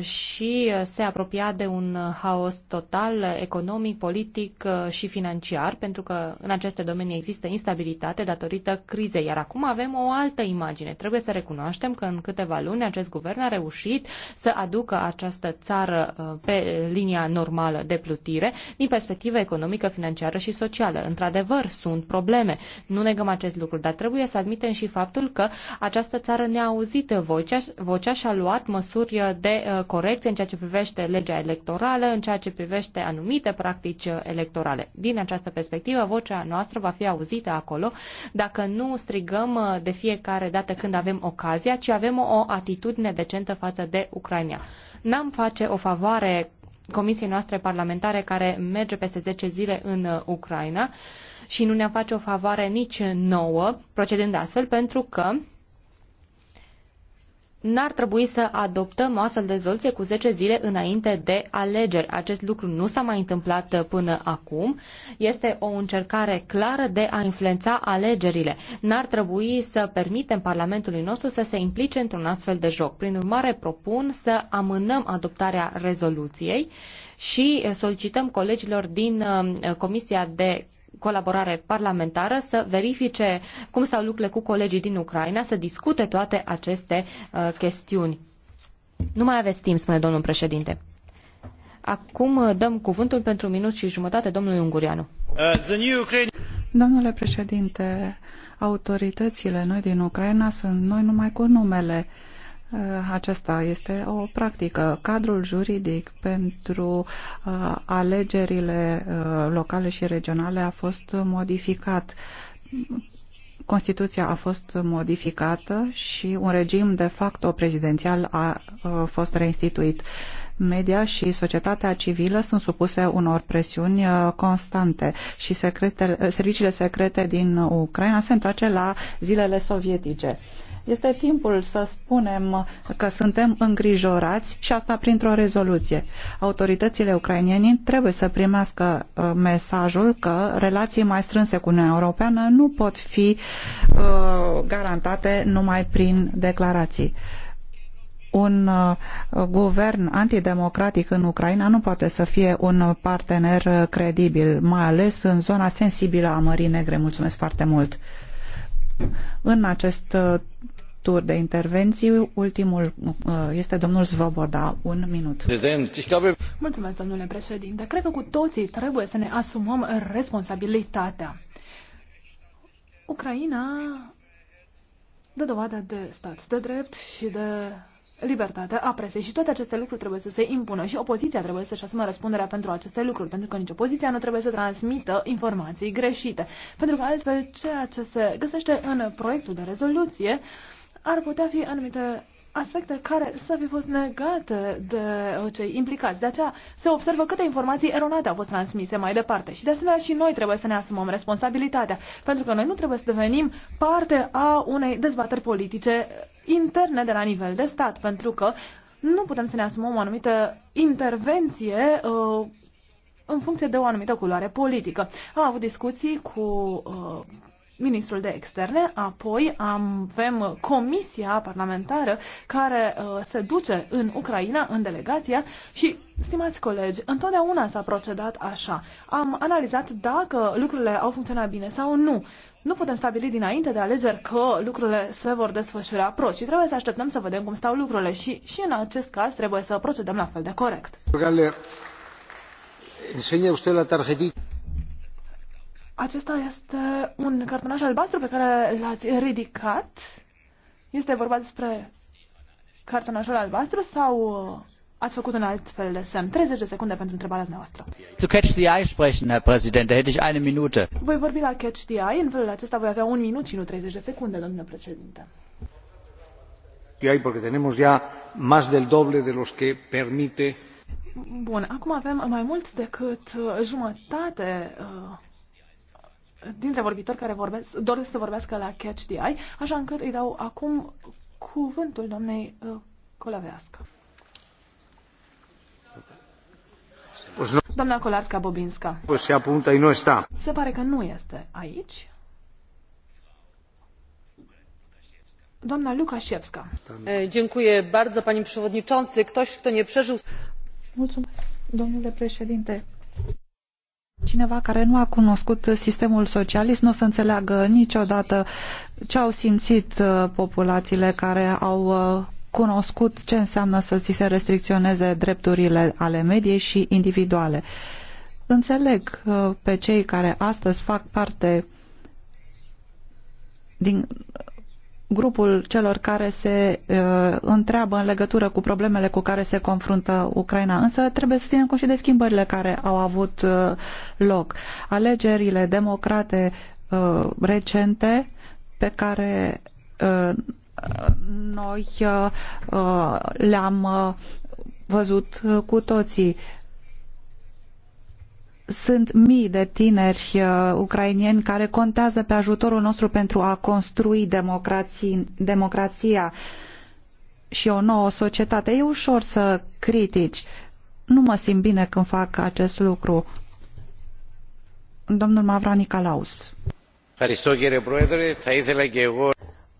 și se apropia de un haos total economic, politic și financiar, pentru că în aceste domenii există instabilitate datorită crizei. Iar acum avem o altă imagine. Trebuie să recunoaștem că în câteva luni acest guvern a reușit să aducă această țară uh, pe linia normală de plutire din perspectivă economică, financiară și socială. Într-adevăr, sunt probleme. Nu negăm acest lucru, dar trebuie să admitem și faptul că această țară ne-a auzit vocea, vocea și a luat măsuri uh, de uh, corecție în ceea ce privește legea electorală, în ceea ce privește anumite practici electorale. Din această perspectivă, vocea noastră va fi auzită folosită acolo, dacă nu strigăm uh, de fiecare dată când avem ocazia, ci avem o atitudine decentă față de Ucraina. N-am face o favoare comisiei noastre parlamentare care merge peste 10 zile în uh, Ucraina și nu ne-am face o favoare nici nouă procedând astfel pentru că n-ar trebui să adoptăm o astfel de rezoluție cu 10 zile înainte de alegeri. Acest lucru nu s-a mai întâmplat până acum. Este o încercare clară de a influența alegerile. N-ar trebui să permitem Parlamentului nostru să se implice într-un astfel de joc. Prin urmare, propun să amânăm adoptarea rezoluției și solicităm colegilor din uh, Comisia de colaborare parlamentară să verifice cum stau lucrurile cu colegii din Ucraina, să discute toate aceste uh, chestiuni. Nu mai aveți timp, spune domnul președinte. Acum uh, dăm cuvântul pentru un minut și jumătate domnului Ungurianu. Uh, Domnule președinte, autoritățile noi din Ucraina sunt noi numai cu numele. Uh, Eh, Aceasta este o practică. Cadrul juridic pentru eh, alegerile eh, locale și regionale a fost modificat. Constituția a fost modificată și un regim de facto prezidențial a fost reinstituit. Media și societatea civilă sunt supuse unor presiuni constante și secretele, serviciile secrete din Ucraina se întoarce la zilele sovietice este timpul să spunem că suntem îngrijorați și asta printr-o rezoluție. Autoritățile ucrainiene trebuie să primească uh, mesajul că relații mai strânse cu Uniunea Europeană nu pot fi uh, garantate numai prin declarații un uh, guvern antidemocratic în Ucraina nu poate să fie un partener credibil, mai ales în zona sensibilă a Mării Negre. Mulțumesc foarte mult! În acest uh, tur de intervenții, ultimul uh, este domnul Svoboda. Un minut. Deci Mulțumesc, domnule președinte. Cred că cu toții trebuie să ne asumăm responsabilitatea. Ucraina dă dovadă de stat de drept și de libertatea a presei și toate aceste lucruri trebuie să se impună și opoziția trebuie să-și asume răspunderea pentru aceste lucruri, pentru că nici opoziția nu trebuie să transmită informații greșite, pentru că altfel ceea ce se găsește în proiectul de rezoluție ar putea fi anumite aspecte care să fi fost negate de uh, cei implicați. De aceea se observă câte informații eronate au fost transmise mai departe. Și de asemenea și noi trebuie să ne asumăm responsabilitatea, pentru că noi nu trebuie să devenim parte a unei dezbateri politice interne de la nivel de stat, pentru că nu putem să ne asumăm o anumită intervenție uh, în funcție de o anumită culoare politică. Am avut discuții cu uh, ministrul de externe, apoi avem comisia parlamentară care uh, se duce în Ucraina, în delegația și, stimați colegi, întotdeauna s-a procedat așa. Am analizat dacă lucrurile au funcționat bine sau nu. Nu putem stabili dinainte de alegeri că lucrurile se vor desfășura prost și trebuie să așteptăm să vedem cum stau lucrurile și, și în acest caz trebuie să procedăm la fel de corect. Gale, acesta este un cartonaș albastru pe care l-ați ridicat. Este vorba despre cartonașul albastru sau uh, ați făcut un alt fel de semn? 30 de secunde pentru întrebarea noastră. To catch the eye sprechen, Herr Präsident, uh, hätte ich eine Minute. Voi vorbi la catch the eye, în felul acesta voi avea un minut și nu 30 de secunde, domnule președinte. Porque tenemos ya más del doble de los que permite Bun, acum avem mai mult decât uh, jumătate uh, dintre vorbitori care vorbesc, doresc să vorbească la Catch the Eye, așa încât îi dau acum cuvântul doamnei uh, Colavească. Doamna Colarska Bobinska. Se apunta nu este. Se pare că nu este aici. Doamna Lukasiewska. Dziękuję bardzo, pani przewodniczący. Ktoś, kto nie przeżył... Mulțumesc, domnule președinte. Cineva care nu a cunoscut sistemul socialist nu o să înțeleagă niciodată ce au simțit uh, populațiile care au uh, cunoscut ce înseamnă să ți se restricționeze drepturile ale mediei și individuale. Înțeleg uh, pe cei care astăzi fac parte din grupul celor care se uh, întreabă în legătură cu problemele cu care se confruntă Ucraina, însă trebuie să ținem cu și de schimbările care au avut uh, loc. Alegerile democrate uh, recente pe care uh, noi uh, uh le-am uh, văzut cu toții. Uh, sunt mii de tineri uh, ucrainieni care contează pe ajutorul nostru pentru a construi democrații, democrația și o nouă societate. E ușor să critici. Nu mă simt bine când fac acest lucru. Domnul Mavra Nicolaus.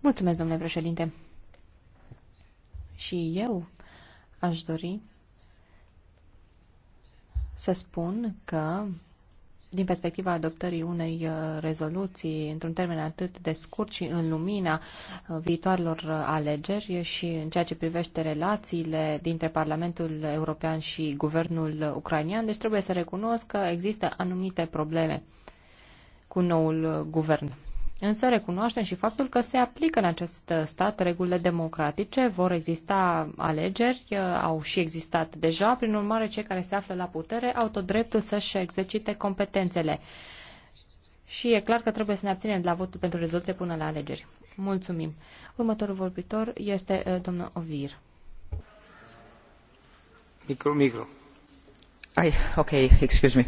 Mulțumesc, domnule președinte. Și eu aș dori să spun că din perspectiva adoptării unei uh, rezoluții într-un termen atât de scurt și în lumina uh, viitoarelor uh, alegeri și în ceea ce privește relațiile dintre Parlamentul European și guvernul ucrainian, deci trebuie să recunosc că există anumite probleme cu noul guvern. Însă recunoaștem și faptul că se aplică în acest stat regulile democratice, vor exista alegeri, au și existat deja, prin urmare cei care se află la putere au tot dreptul să-și exercite competențele. Și e clar că trebuie să ne abținem de la votul pentru rezoluție până la alegeri. Mulțumim. Următorul vorbitor este uh, domnul Ovir. Micro, micro. Ai, ok, excuse me.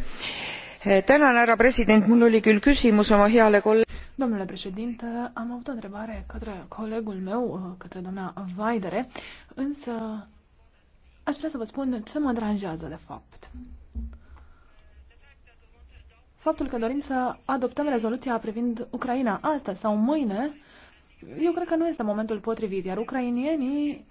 Eh, tänan, härra president, mul oli küll küsimus oma heale kolleegile. Domnule președinte, am avut o întrebare către colegul meu, uh, către doamna Vaidere, însă aș vrea să vă spun ce mă deranjează de fapt. Faptul că dorim să adoptăm rezoluția privind Ucraina astăzi sau mâine, eu cred că nu este momentul potrivit, iar ucrainienii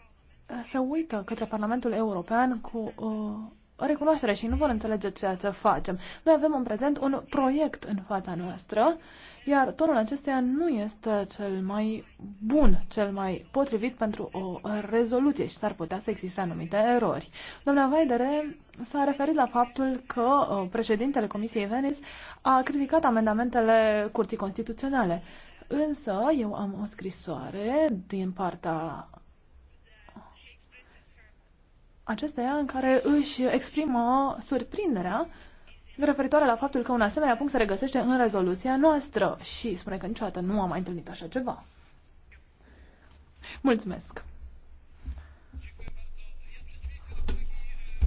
se uită către Parlamentul European cu uh, recunoaștere și nu vor înțelege ceea ce facem. Noi avem în prezent un proiect în fața noastră, iar tonul acestuia nu este cel mai bun, cel mai potrivit pentru o rezoluție și s-ar putea să existe anumite erori. Doamna Vaidere s-a referit la faptul că uh, președintele Comisiei Venice a criticat amendamentele Curții Constituționale. Însă eu am o scrisoare din partea acesteia în care își exprimă surprinderea referitoare la faptul că un asemenea punct se regăsește în rezoluția noastră și spune că niciodată nu am mai întâlnit așa ceva. Mulțumesc!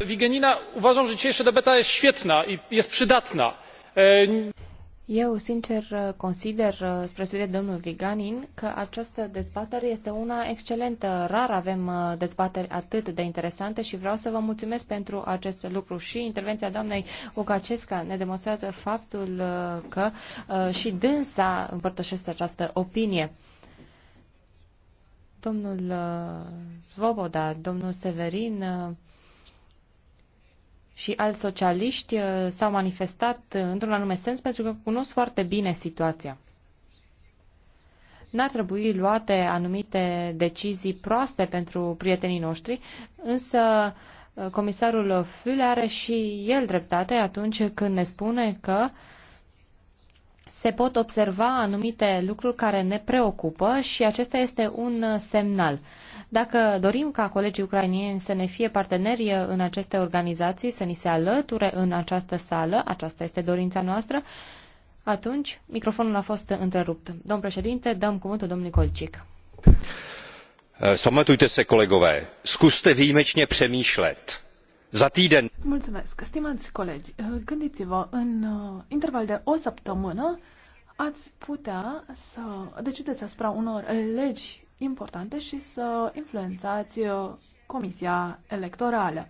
Wigenina, uważam, że dzisiejsza debata jest świetna i jest przydatna. Eu, sincer, consider, uh, spre spune domnul Viganin, că această dezbatere este una excelentă. Rar avem uh, dezbateri atât de interesante și vreau să vă mulțumesc pentru acest lucru. Și intervenția doamnei Ucacesca ne demonstrează faptul uh, că și dânsa împărtășește această opinie. Domnul Svoboda, domnul Severin, și alți socialiști uh, s-au manifestat uh, într-un anume sens pentru că cunosc foarte bine situația. N-ar trebui luate anumite decizii proaste pentru prietenii noștri, însă uh, comisarul Füle are și el dreptate atunci când ne spune că se pot observa anumite lucruri care ne preocupă și acesta este un semnal. Dacă dorim ca colegii ucrainieni să ne fie parteneri în aceste organizații, să ni se alăture în această sală, aceasta este dorința noastră, atunci microfonul a fost întrerupt. Domn președinte, dăm cuvântul domnului Colcic. Spamatujte eh, se, kolegové, zkuste výjimečně přemýšlet. Za týden... Mulțumesc, stimați colegi. Eh, gândiți-vă, în eh, interval de o săptămână ați putea să decideți asupra unor legi importante și să influențați uh, Comisia Electorală.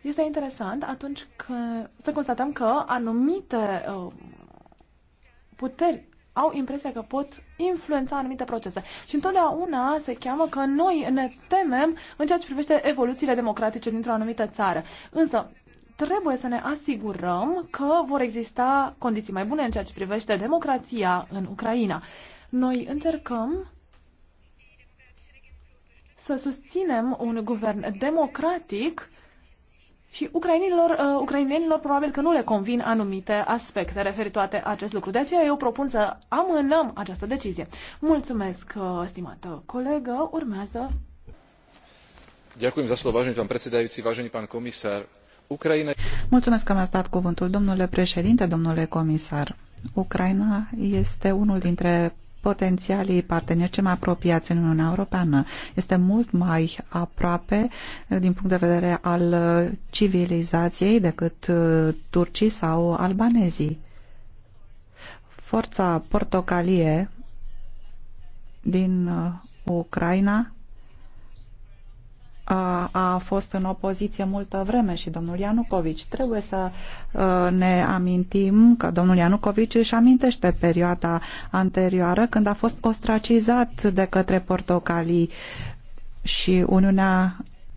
Este interesant atunci când să constatăm că anumite uh, puteri au impresia că pot influența anumite procese. Și întotdeauna se cheamă că noi ne temem în ceea ce privește evoluțiile democratice dintr-o anumită țară. Însă, trebuie să ne asigurăm că vor exista condiții mai bune în ceea ce privește democrația în Ucraina. Noi încercăm să susținem un guvern democratic și ucrainilor, uh, ucrainenilor probabil că nu le convin anumite aspecte referitoare acest lucru. De aceea eu propun să amânăm această decizie. Mulțumesc, uh, stimată colegă. Urmează. Ďakujem za slovo, vážený pán predsedajúci, vážený pán komisár. Ucraina... Mulțumesc că mi-ați dat cuvântul, domnule președinte, domnule comisar. Ucraina este unul dintre potențialii parteneri ce mai apropiați în Uniunea Europeană. Este mult mai aproape eh, din punct de vedere al eh, civilizației decât eh, turcii sau albanezii. Forța portocalie din Ucraina a fost în opoziție multă vreme și domnul Ianucovici. Trebuie să ne amintim că domnul Ianucovici își amintește perioada anterioară când a fost ostracizat de către portocalii și Uniunea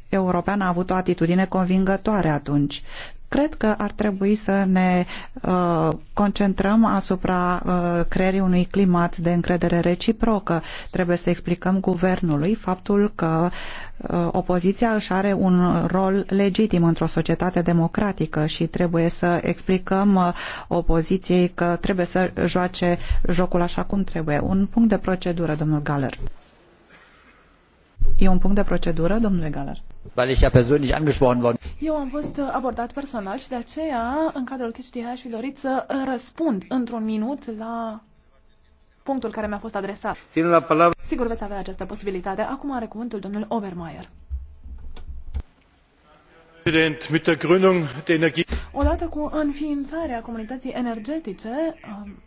Europeană a avut o atitudine convingătoare atunci. Cred că ar trebui să ne uh, concentrăm asupra creării uh, creierii unui climat de încredere reciprocă. Trebuie să explicăm guvernului faptul că uh, opoziția își are un rol legitim într-o societate democratică și trebuie să explicăm opoziției că trebuie să joace jocul așa cum trebuie. Un punct de procedură, domnul Galer. E un punct de procedură, domnule Galer? Weil ich ja persönlich angesprochen worden. Eu am fost uh, abordat personal și de aceea, în cadrul chestii, aș fi dorit să uh, răspund într-un minut la punctul care mi-a fost adresat. Țin la Sigur veți avea această posibilitate. Acum are cuvântul domnul Obermeier. Odată cu înființarea comunității energetice, um,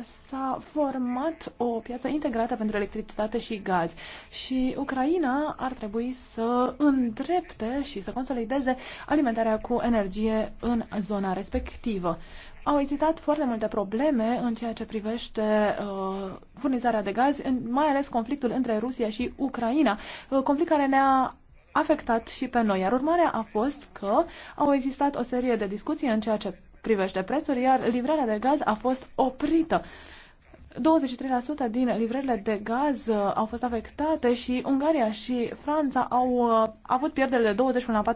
s-a format o piață integrată pentru electricitate și gaz și Ucraina ar trebui să îndrepte și să consolideze alimentarea cu energie în zona respectivă. Au existat foarte multe probleme în ceea ce privește uh, furnizarea de gaz, mai ales conflictul între Rusia și Ucraina, uh, conflict care ne-a afectat și pe noi. Iar urmarea a fost că au existat o serie de discuții în ceea ce privește prețul, iar livrarea de gaz a fost oprită. 23% din livrările de gaz uh, au fost afectate și Ungaria și Franța au uh, avut pierderi de 20 până la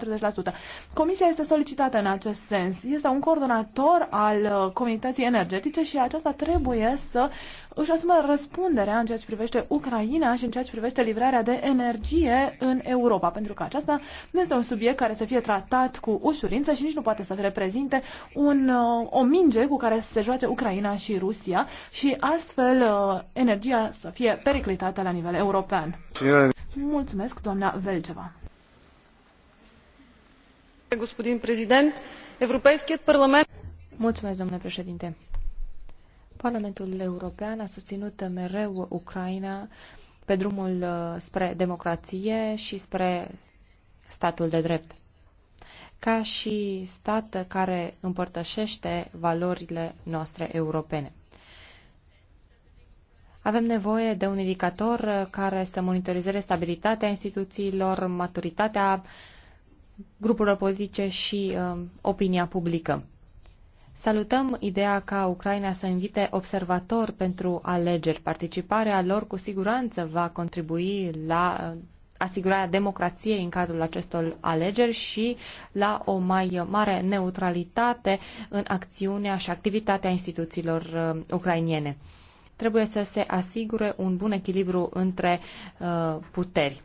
40%. Comisia este solicitată în acest sens. Este un coordonator al uh, comunității energetice și aceasta trebuie să își asumă răspunderea în ceea ce privește Ucraina și în ceea ce privește livrarea de energie în Europa, pentru că aceasta nu este un subiect care să fie tratat cu ușurință și nici nu poate să reprezinte un, uh, o minge cu care să se joace Ucraina și Rusia și astfel uh, energia să fie periclitată la nivel european. Mulțumesc, doamna Velceva. Mulțumesc, domnule președinte Parlamentul European a susținut mereu Ucraina pe drumul uh, spre democrație și spre statul de drept. Ca și stat care împărtășește valorile noastre europene. Avem nevoie de un indicator uh, care să monitorizeze stabilitatea instituțiilor, maturitatea grupurilor politice și uh, opinia publică. Salutăm ideea ca Ucraina să invite observatori pentru alegeri. Participarea lor cu siguranță va contribui la uh, asigurarea democrației în cadrul acestor alegeri și la o mai mare neutralitate în acțiunea și activitatea instituțiilor uh, ucrainiene. Trebuie să se asigure un bun echilibru între uh, puteri.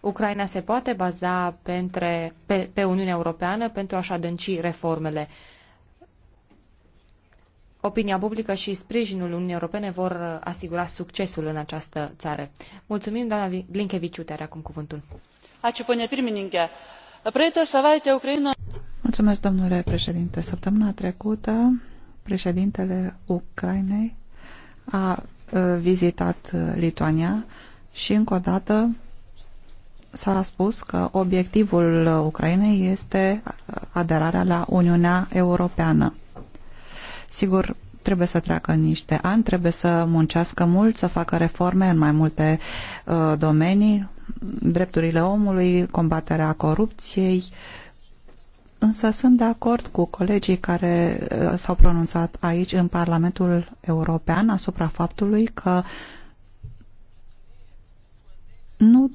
Ucraina se poate baza pe, pe Uniunea Europeană pentru a-și adânci reformele. Uh, opinia publică și sprijinul Uniunii Europene vor uh, asigura succesul în această țară. Mulțumim, doamna Blinkeviciu, are acum cuvântul. Mulțumesc, domnule președinte. Săptămâna trecută, președintele Ucrainei a uh, vizitat uh, Lituania și încă o dată s-a spus că obiectivul Ucrainei este aderarea la Uniunea Europeană. Sigur, trebuie să treacă niște ani, trebuie să muncească mult, să facă reforme în mai multe uh, domenii, drepturile omului, combaterea corupției, însă sunt de acord cu colegii care uh, s-au pronunțat aici în Parlamentul European asupra faptului că nu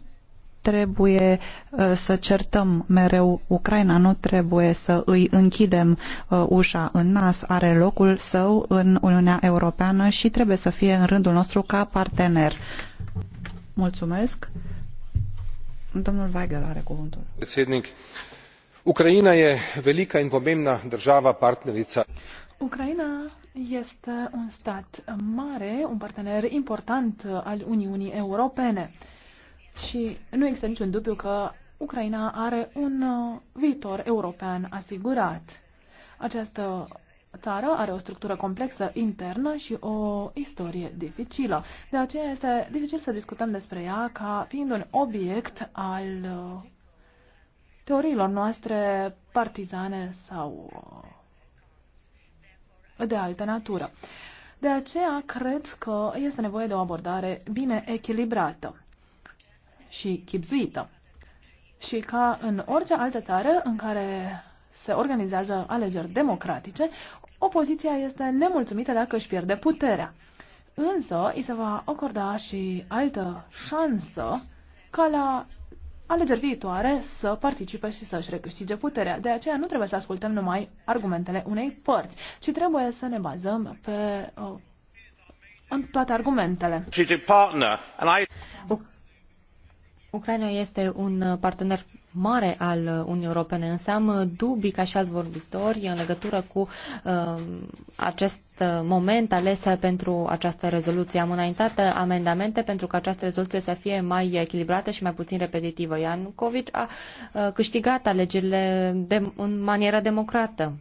trebuie uh, să certăm mereu Ucraina, nu trebuie să îi închidem uh, ușa în nas, are locul său în Uniunea Europeană și trebuie să fie în rândul nostru ca partener. Mulțumesc. Domnul Weigel are cuvântul. Ucraina e velica država Ucraina este un stat mare, un partener important al Uniunii Europene și nu există niciun dubiu că Ucraina are un uh, viitor european asigurat. Această țară are o structură complexă internă și o istorie dificilă. De aceea este dificil să discutăm despre ea ca fiind un obiect al uh, teoriilor noastre partizane sau uh, de altă natură. De aceea cred că este nevoie de o abordare bine echilibrată și chipzuită. Și ca în orice altă țară în care se organizează alegeri democratice, opoziția este nemulțumită dacă își pierde puterea. Însă, îi se va acorda și altă șansă ca la alegeri viitoare să participe și să-și recâștige puterea. De aceea nu trebuie să ascultăm numai argumentele unei părți, ci trebuie să ne bazăm pe uh, în toate argumentele. Ucraina este un partener mare al Uniunii Europene, însă am dubii ca și alți vorbitori în legătură cu uh, acest moment ales pentru această rezoluție. Am înaintat amendamente pentru ca această rezoluție să fie mai echilibrată și mai puțin repetitivă. Covici a uh, câștigat alegerile de, în manieră democrată.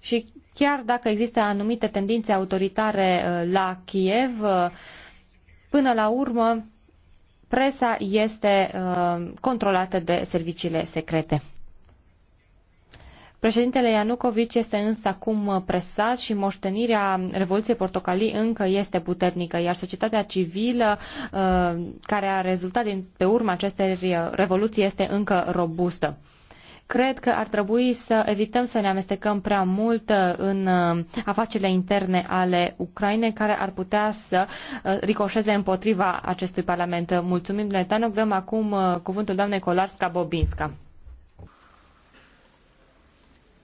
Și chiar dacă există anumite tendințe autoritare uh, la Kiev, uh, până la urmă presa este uh, controlată de serviciile secrete. Președintele Ianucovici este însă acum uh, presat și moștenirea Revoluției Portocalii încă este puternică, iar societatea civilă uh, care a rezultat din, pe urma acestei revoluții este încă robustă. Cred că ar trebui să evităm să ne amestecăm prea mult uh, în uh, afacerile interne ale Ucrainei, care ar putea să uh, ricoșeze împotriva acestui Parlament. Mulțumim, Letanoc. Dăm acum cuvântul doamnei Kolarska-Bobinska.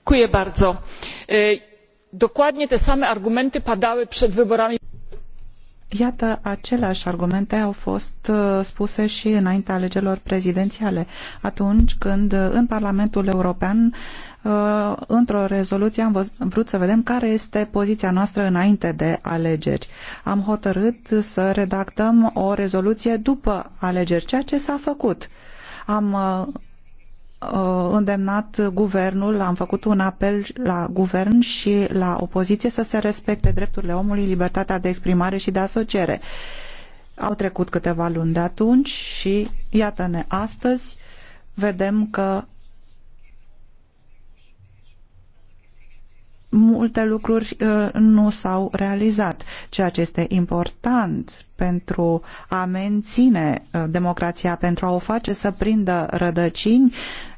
Dziękuję bardzo. Dokładnie te same argumenty padały przed wyborami. Iată, aceleași argumente au fost uh, spuse și înaintea alegerilor prezidențiale, atunci când uh, în Parlamentul European, uh, într-o rezoluție, am vrut să vedem care este poziția noastră înainte de alegeri. Am hotărât să redactăm o rezoluție după alegeri, ceea ce s-a făcut. Am Uh, îndemnat guvernul, am făcut un apel la guvern și la opoziție să se respecte drepturile omului, libertatea de exprimare și de asociere. Au trecut câteva luni de atunci și iată-ne astăzi, vedem că multe lucruri uh, nu s-au realizat, ceea ce este important pentru a menține uh, democrația, pentru a o face să prindă rădăcini,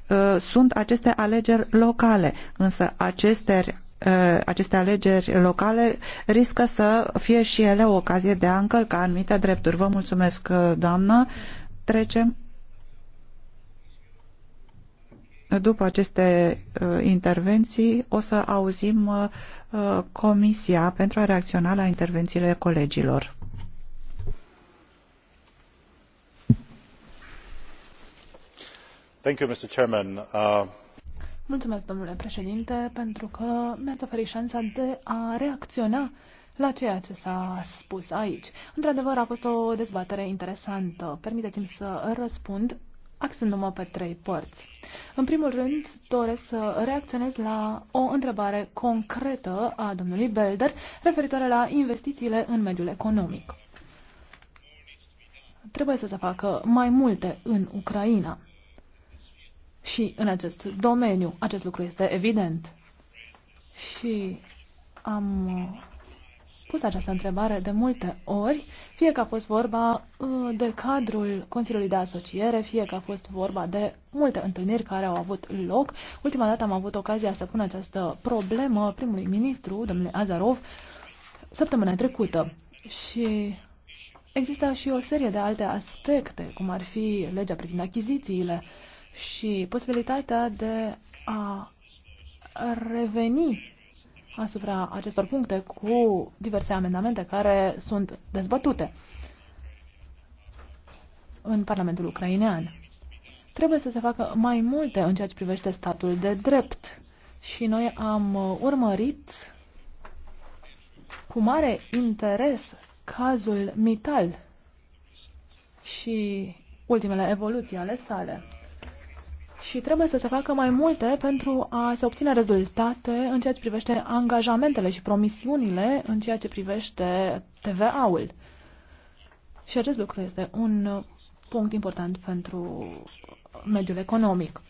uh, sunt aceste alegeri locale. Însă aceste aceste alegeri locale riscă să fie și ele o ocazie de a încălca anumite drepturi. Vă mulțumesc, doamnă. Trecem După aceste uh, intervenții o să auzim uh, uh, Comisia pentru a reacționa la intervențiile colegilor. Thank you, Mr. Chairman. Uh... Mulțumesc, domnule președinte, pentru că mi-ați oferit șansa de a reacționa la ceea ce s-a spus aici. Într-adevăr, a fost o dezbatere interesantă. Permiteți-mi să răspund axându-mă pe trei părți. În primul rând, doresc să reacționez la o întrebare concretă a domnului Belder referitoare la investițiile în mediul economic. Trebuie să se facă mai multe în Ucraina și în acest domeniu. Acest lucru este evident. Și am pus această întrebare de multe ori, fie că a fost vorba uh, de cadrul Consiliului de Asociere, fie că a fost vorba de multe întâlniri care au avut loc. Ultima dată am avut ocazia să pun această problemă primului ministru, domnule Azarov, săptămâna trecută. Și există și o serie de alte aspecte, cum ar fi legea privind achizițiile și posibilitatea de a reveni asupra acestor puncte cu diverse amendamente care sunt dezbătute în Parlamentul ucrainean. Trebuie să se facă mai multe în ceea ce privește statul de drept și noi am uh, urmărit cu mare interes cazul Mital și ultimele evoluții ale sale și trebuie să se facă mai multe pentru a se obține rezultate în ceea ce privește angajamentele și promisiunile în ceea ce privește TVA-ul. Și acest lucru este un punct important pentru mediul economic.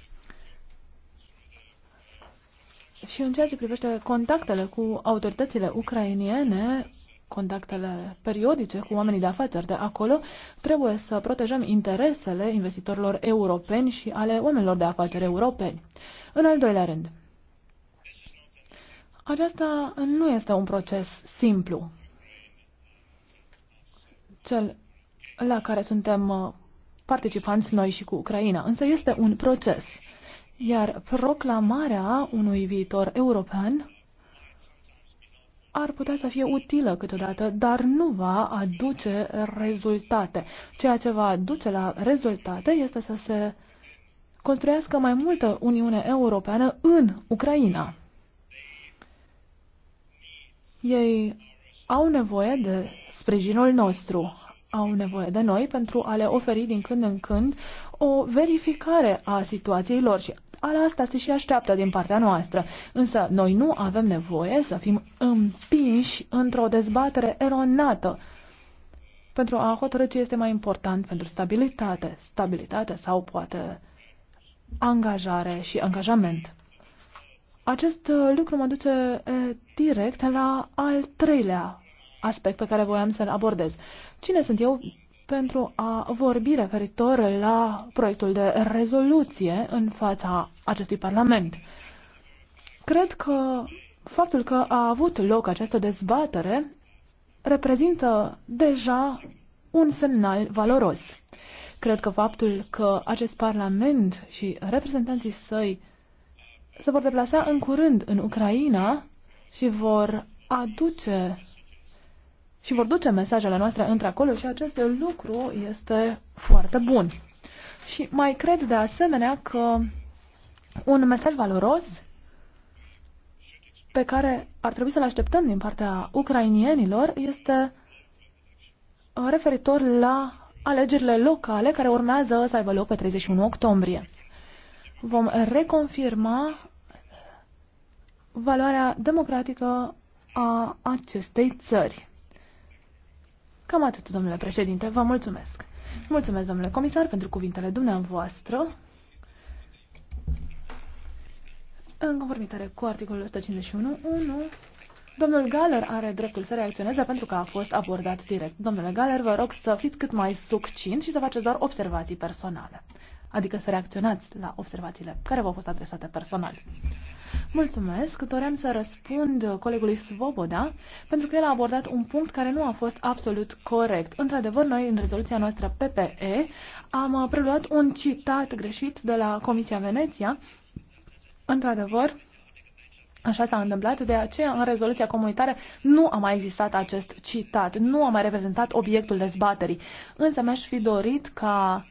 Și în ceea ce privește contactele cu autoritățile ucrainiene, contactele periodice cu oamenii de afaceri de acolo, trebuie să protejăm interesele investitorilor europeni și ale oamenilor de afaceri europeni. În al doilea rând, aceasta nu este un proces simplu. Cel la care suntem uh, participanți noi și cu Ucraina, însă este un proces. Iar proclamarea unui viitor european ar putea să fie utilă câteodată, dar nu va aduce rezultate. Ceea ce va aduce la rezultate este să se construiască mai multă Uniune Europeană în Ucraina. Ei au nevoie de sprijinul nostru, au nevoie de noi pentru a le oferi din când în când o verificare a situației lor și la asta se și așteaptă din partea noastră. Însă noi nu avem nevoie să fim împinși într-o dezbatere eronată pentru a hotărâ ce este mai important pentru stabilitate, stabilitate sau poate angajare și angajament. Acest uh, lucru mă duce direct la al treilea aspect pe care voiam să-l abordez. Cine sunt eu pentru a vorbi referitor la proiectul de rezoluție în fața acestui Parlament. Cred că faptul că a avut loc această dezbatere reprezintă deja un semnal valoros. Cred că faptul că acest Parlament și reprezentanții săi se vor deplasa în curând în Ucraina și vor aduce și vor duce mesajele noastre într-acolo și acest lucru este foarte bun. Și mai cred de asemenea că un mesaj valoros pe care ar trebui să-l așteptăm din partea ucrainienilor este uh, referitor la alegerile locale care urmează să aibă loc pe 31 octombrie. Vom reconfirma valoarea democratică a acestei țări. Cam atât, domnule președinte. Vă mulțumesc. Mulțumesc, domnule comisar, pentru cuvintele dumneavoastră. În conformitate cu articolul 151.1, domnul Galler are dreptul să reacționeze pentru că a fost abordat direct. Domnule Galler, vă rog să fiți cât mai succint și să faceți doar observații personale adică să reacționați la observațiile care v-au fost adresate personal. Mulțumesc! Doream să răspund colegului Svoboda, pentru că el a abordat un punct care nu a fost absolut corect. Într-adevăr, noi, în rezoluția noastră PPE, am preluat un citat greșit de la Comisia Veneția. Într-adevăr, Așa s-a întâmplat, de aceea în rezoluția comunitară nu a mai existat acest citat, nu a mai reprezentat obiectul dezbaterii. Însă mi-aș fi dorit ca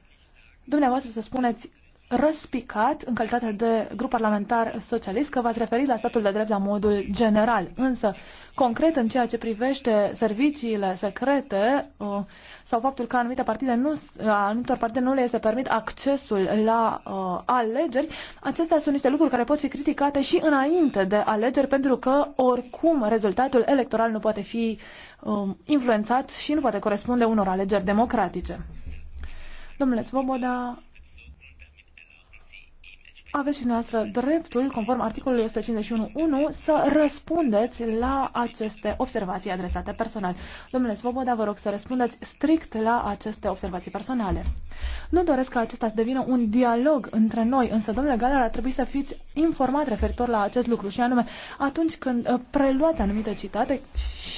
dumneavoastră să spuneți răspicat în calitate de grup parlamentar socialist că v-ați referit la statul de drept la modul general. Însă, concret în ceea ce privește serviciile secrete uh, sau faptul că anumite partide nu, uh, anumitor partide nu le este permit accesul la uh, alegeri, acestea sunt niște lucruri care pot fi criticate și înainte de alegeri pentru că oricum rezultatul electoral nu poate fi um, influențat și nu poate corespunde unor alegeri democratice. Domnule Svoboda, aveți și noastră dreptul, conform articolului 151.1, să răspundeți la aceste observații adresate personal. Domnule Svoboda, vă rog să răspundeți strict la aceste observații personale. Nu doresc ca acesta să devină un dialog între noi, însă, domnule Galar, ar trebui să fiți informat referitor la acest lucru și anume atunci când uh, preluați anumite citate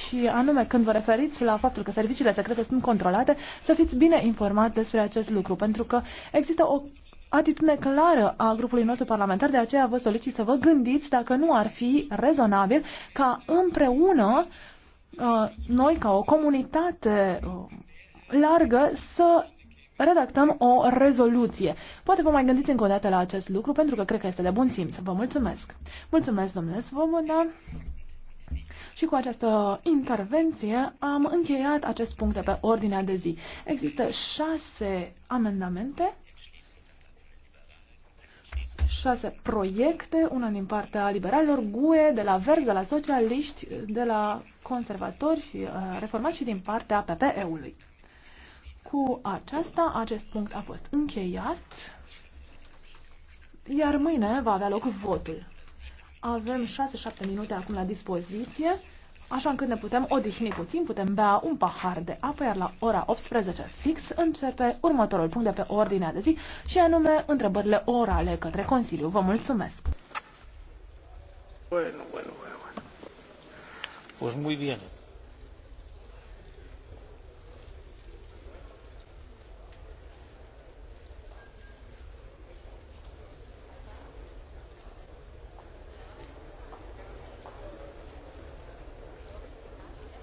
și anume când vă referiți la faptul că serviciile secrete sunt controlate, să fiți bine informat despre acest lucru, pentru că există o atitudine clară a grupului nostru parlamentar, de aceea vă solicit să vă gândiți dacă nu ar fi rezonabil ca împreună uh, noi, ca o comunitate uh, largă, să redactăm o rezoluție. Poate vă mai gândiți încă o dată la acest lucru, pentru că cred că este de bun simț. Vă mulțumesc! Mulțumesc, domnule Svoboda! Și cu această intervenție am încheiat acest punct de pe ordinea de zi. Există șase amendamente șase proiecte, una din partea liberalilor, GUE, de la Verzi, de la socialiști, de la conservatori și uh, reformați și din partea PPE-ului. Cu aceasta, acest punct a fost încheiat, iar mâine va avea loc votul. Avem 6-7 minute acum la dispoziție așa încât ne putem odihni puțin, putem bea un pahar de apă, iar la ora 18 fix începe următorul punct de pe ordinea de zi și anume întrebările orale către Consiliu. Vă mulțumesc! Bueno, bueno, bueno, Pues muy bien.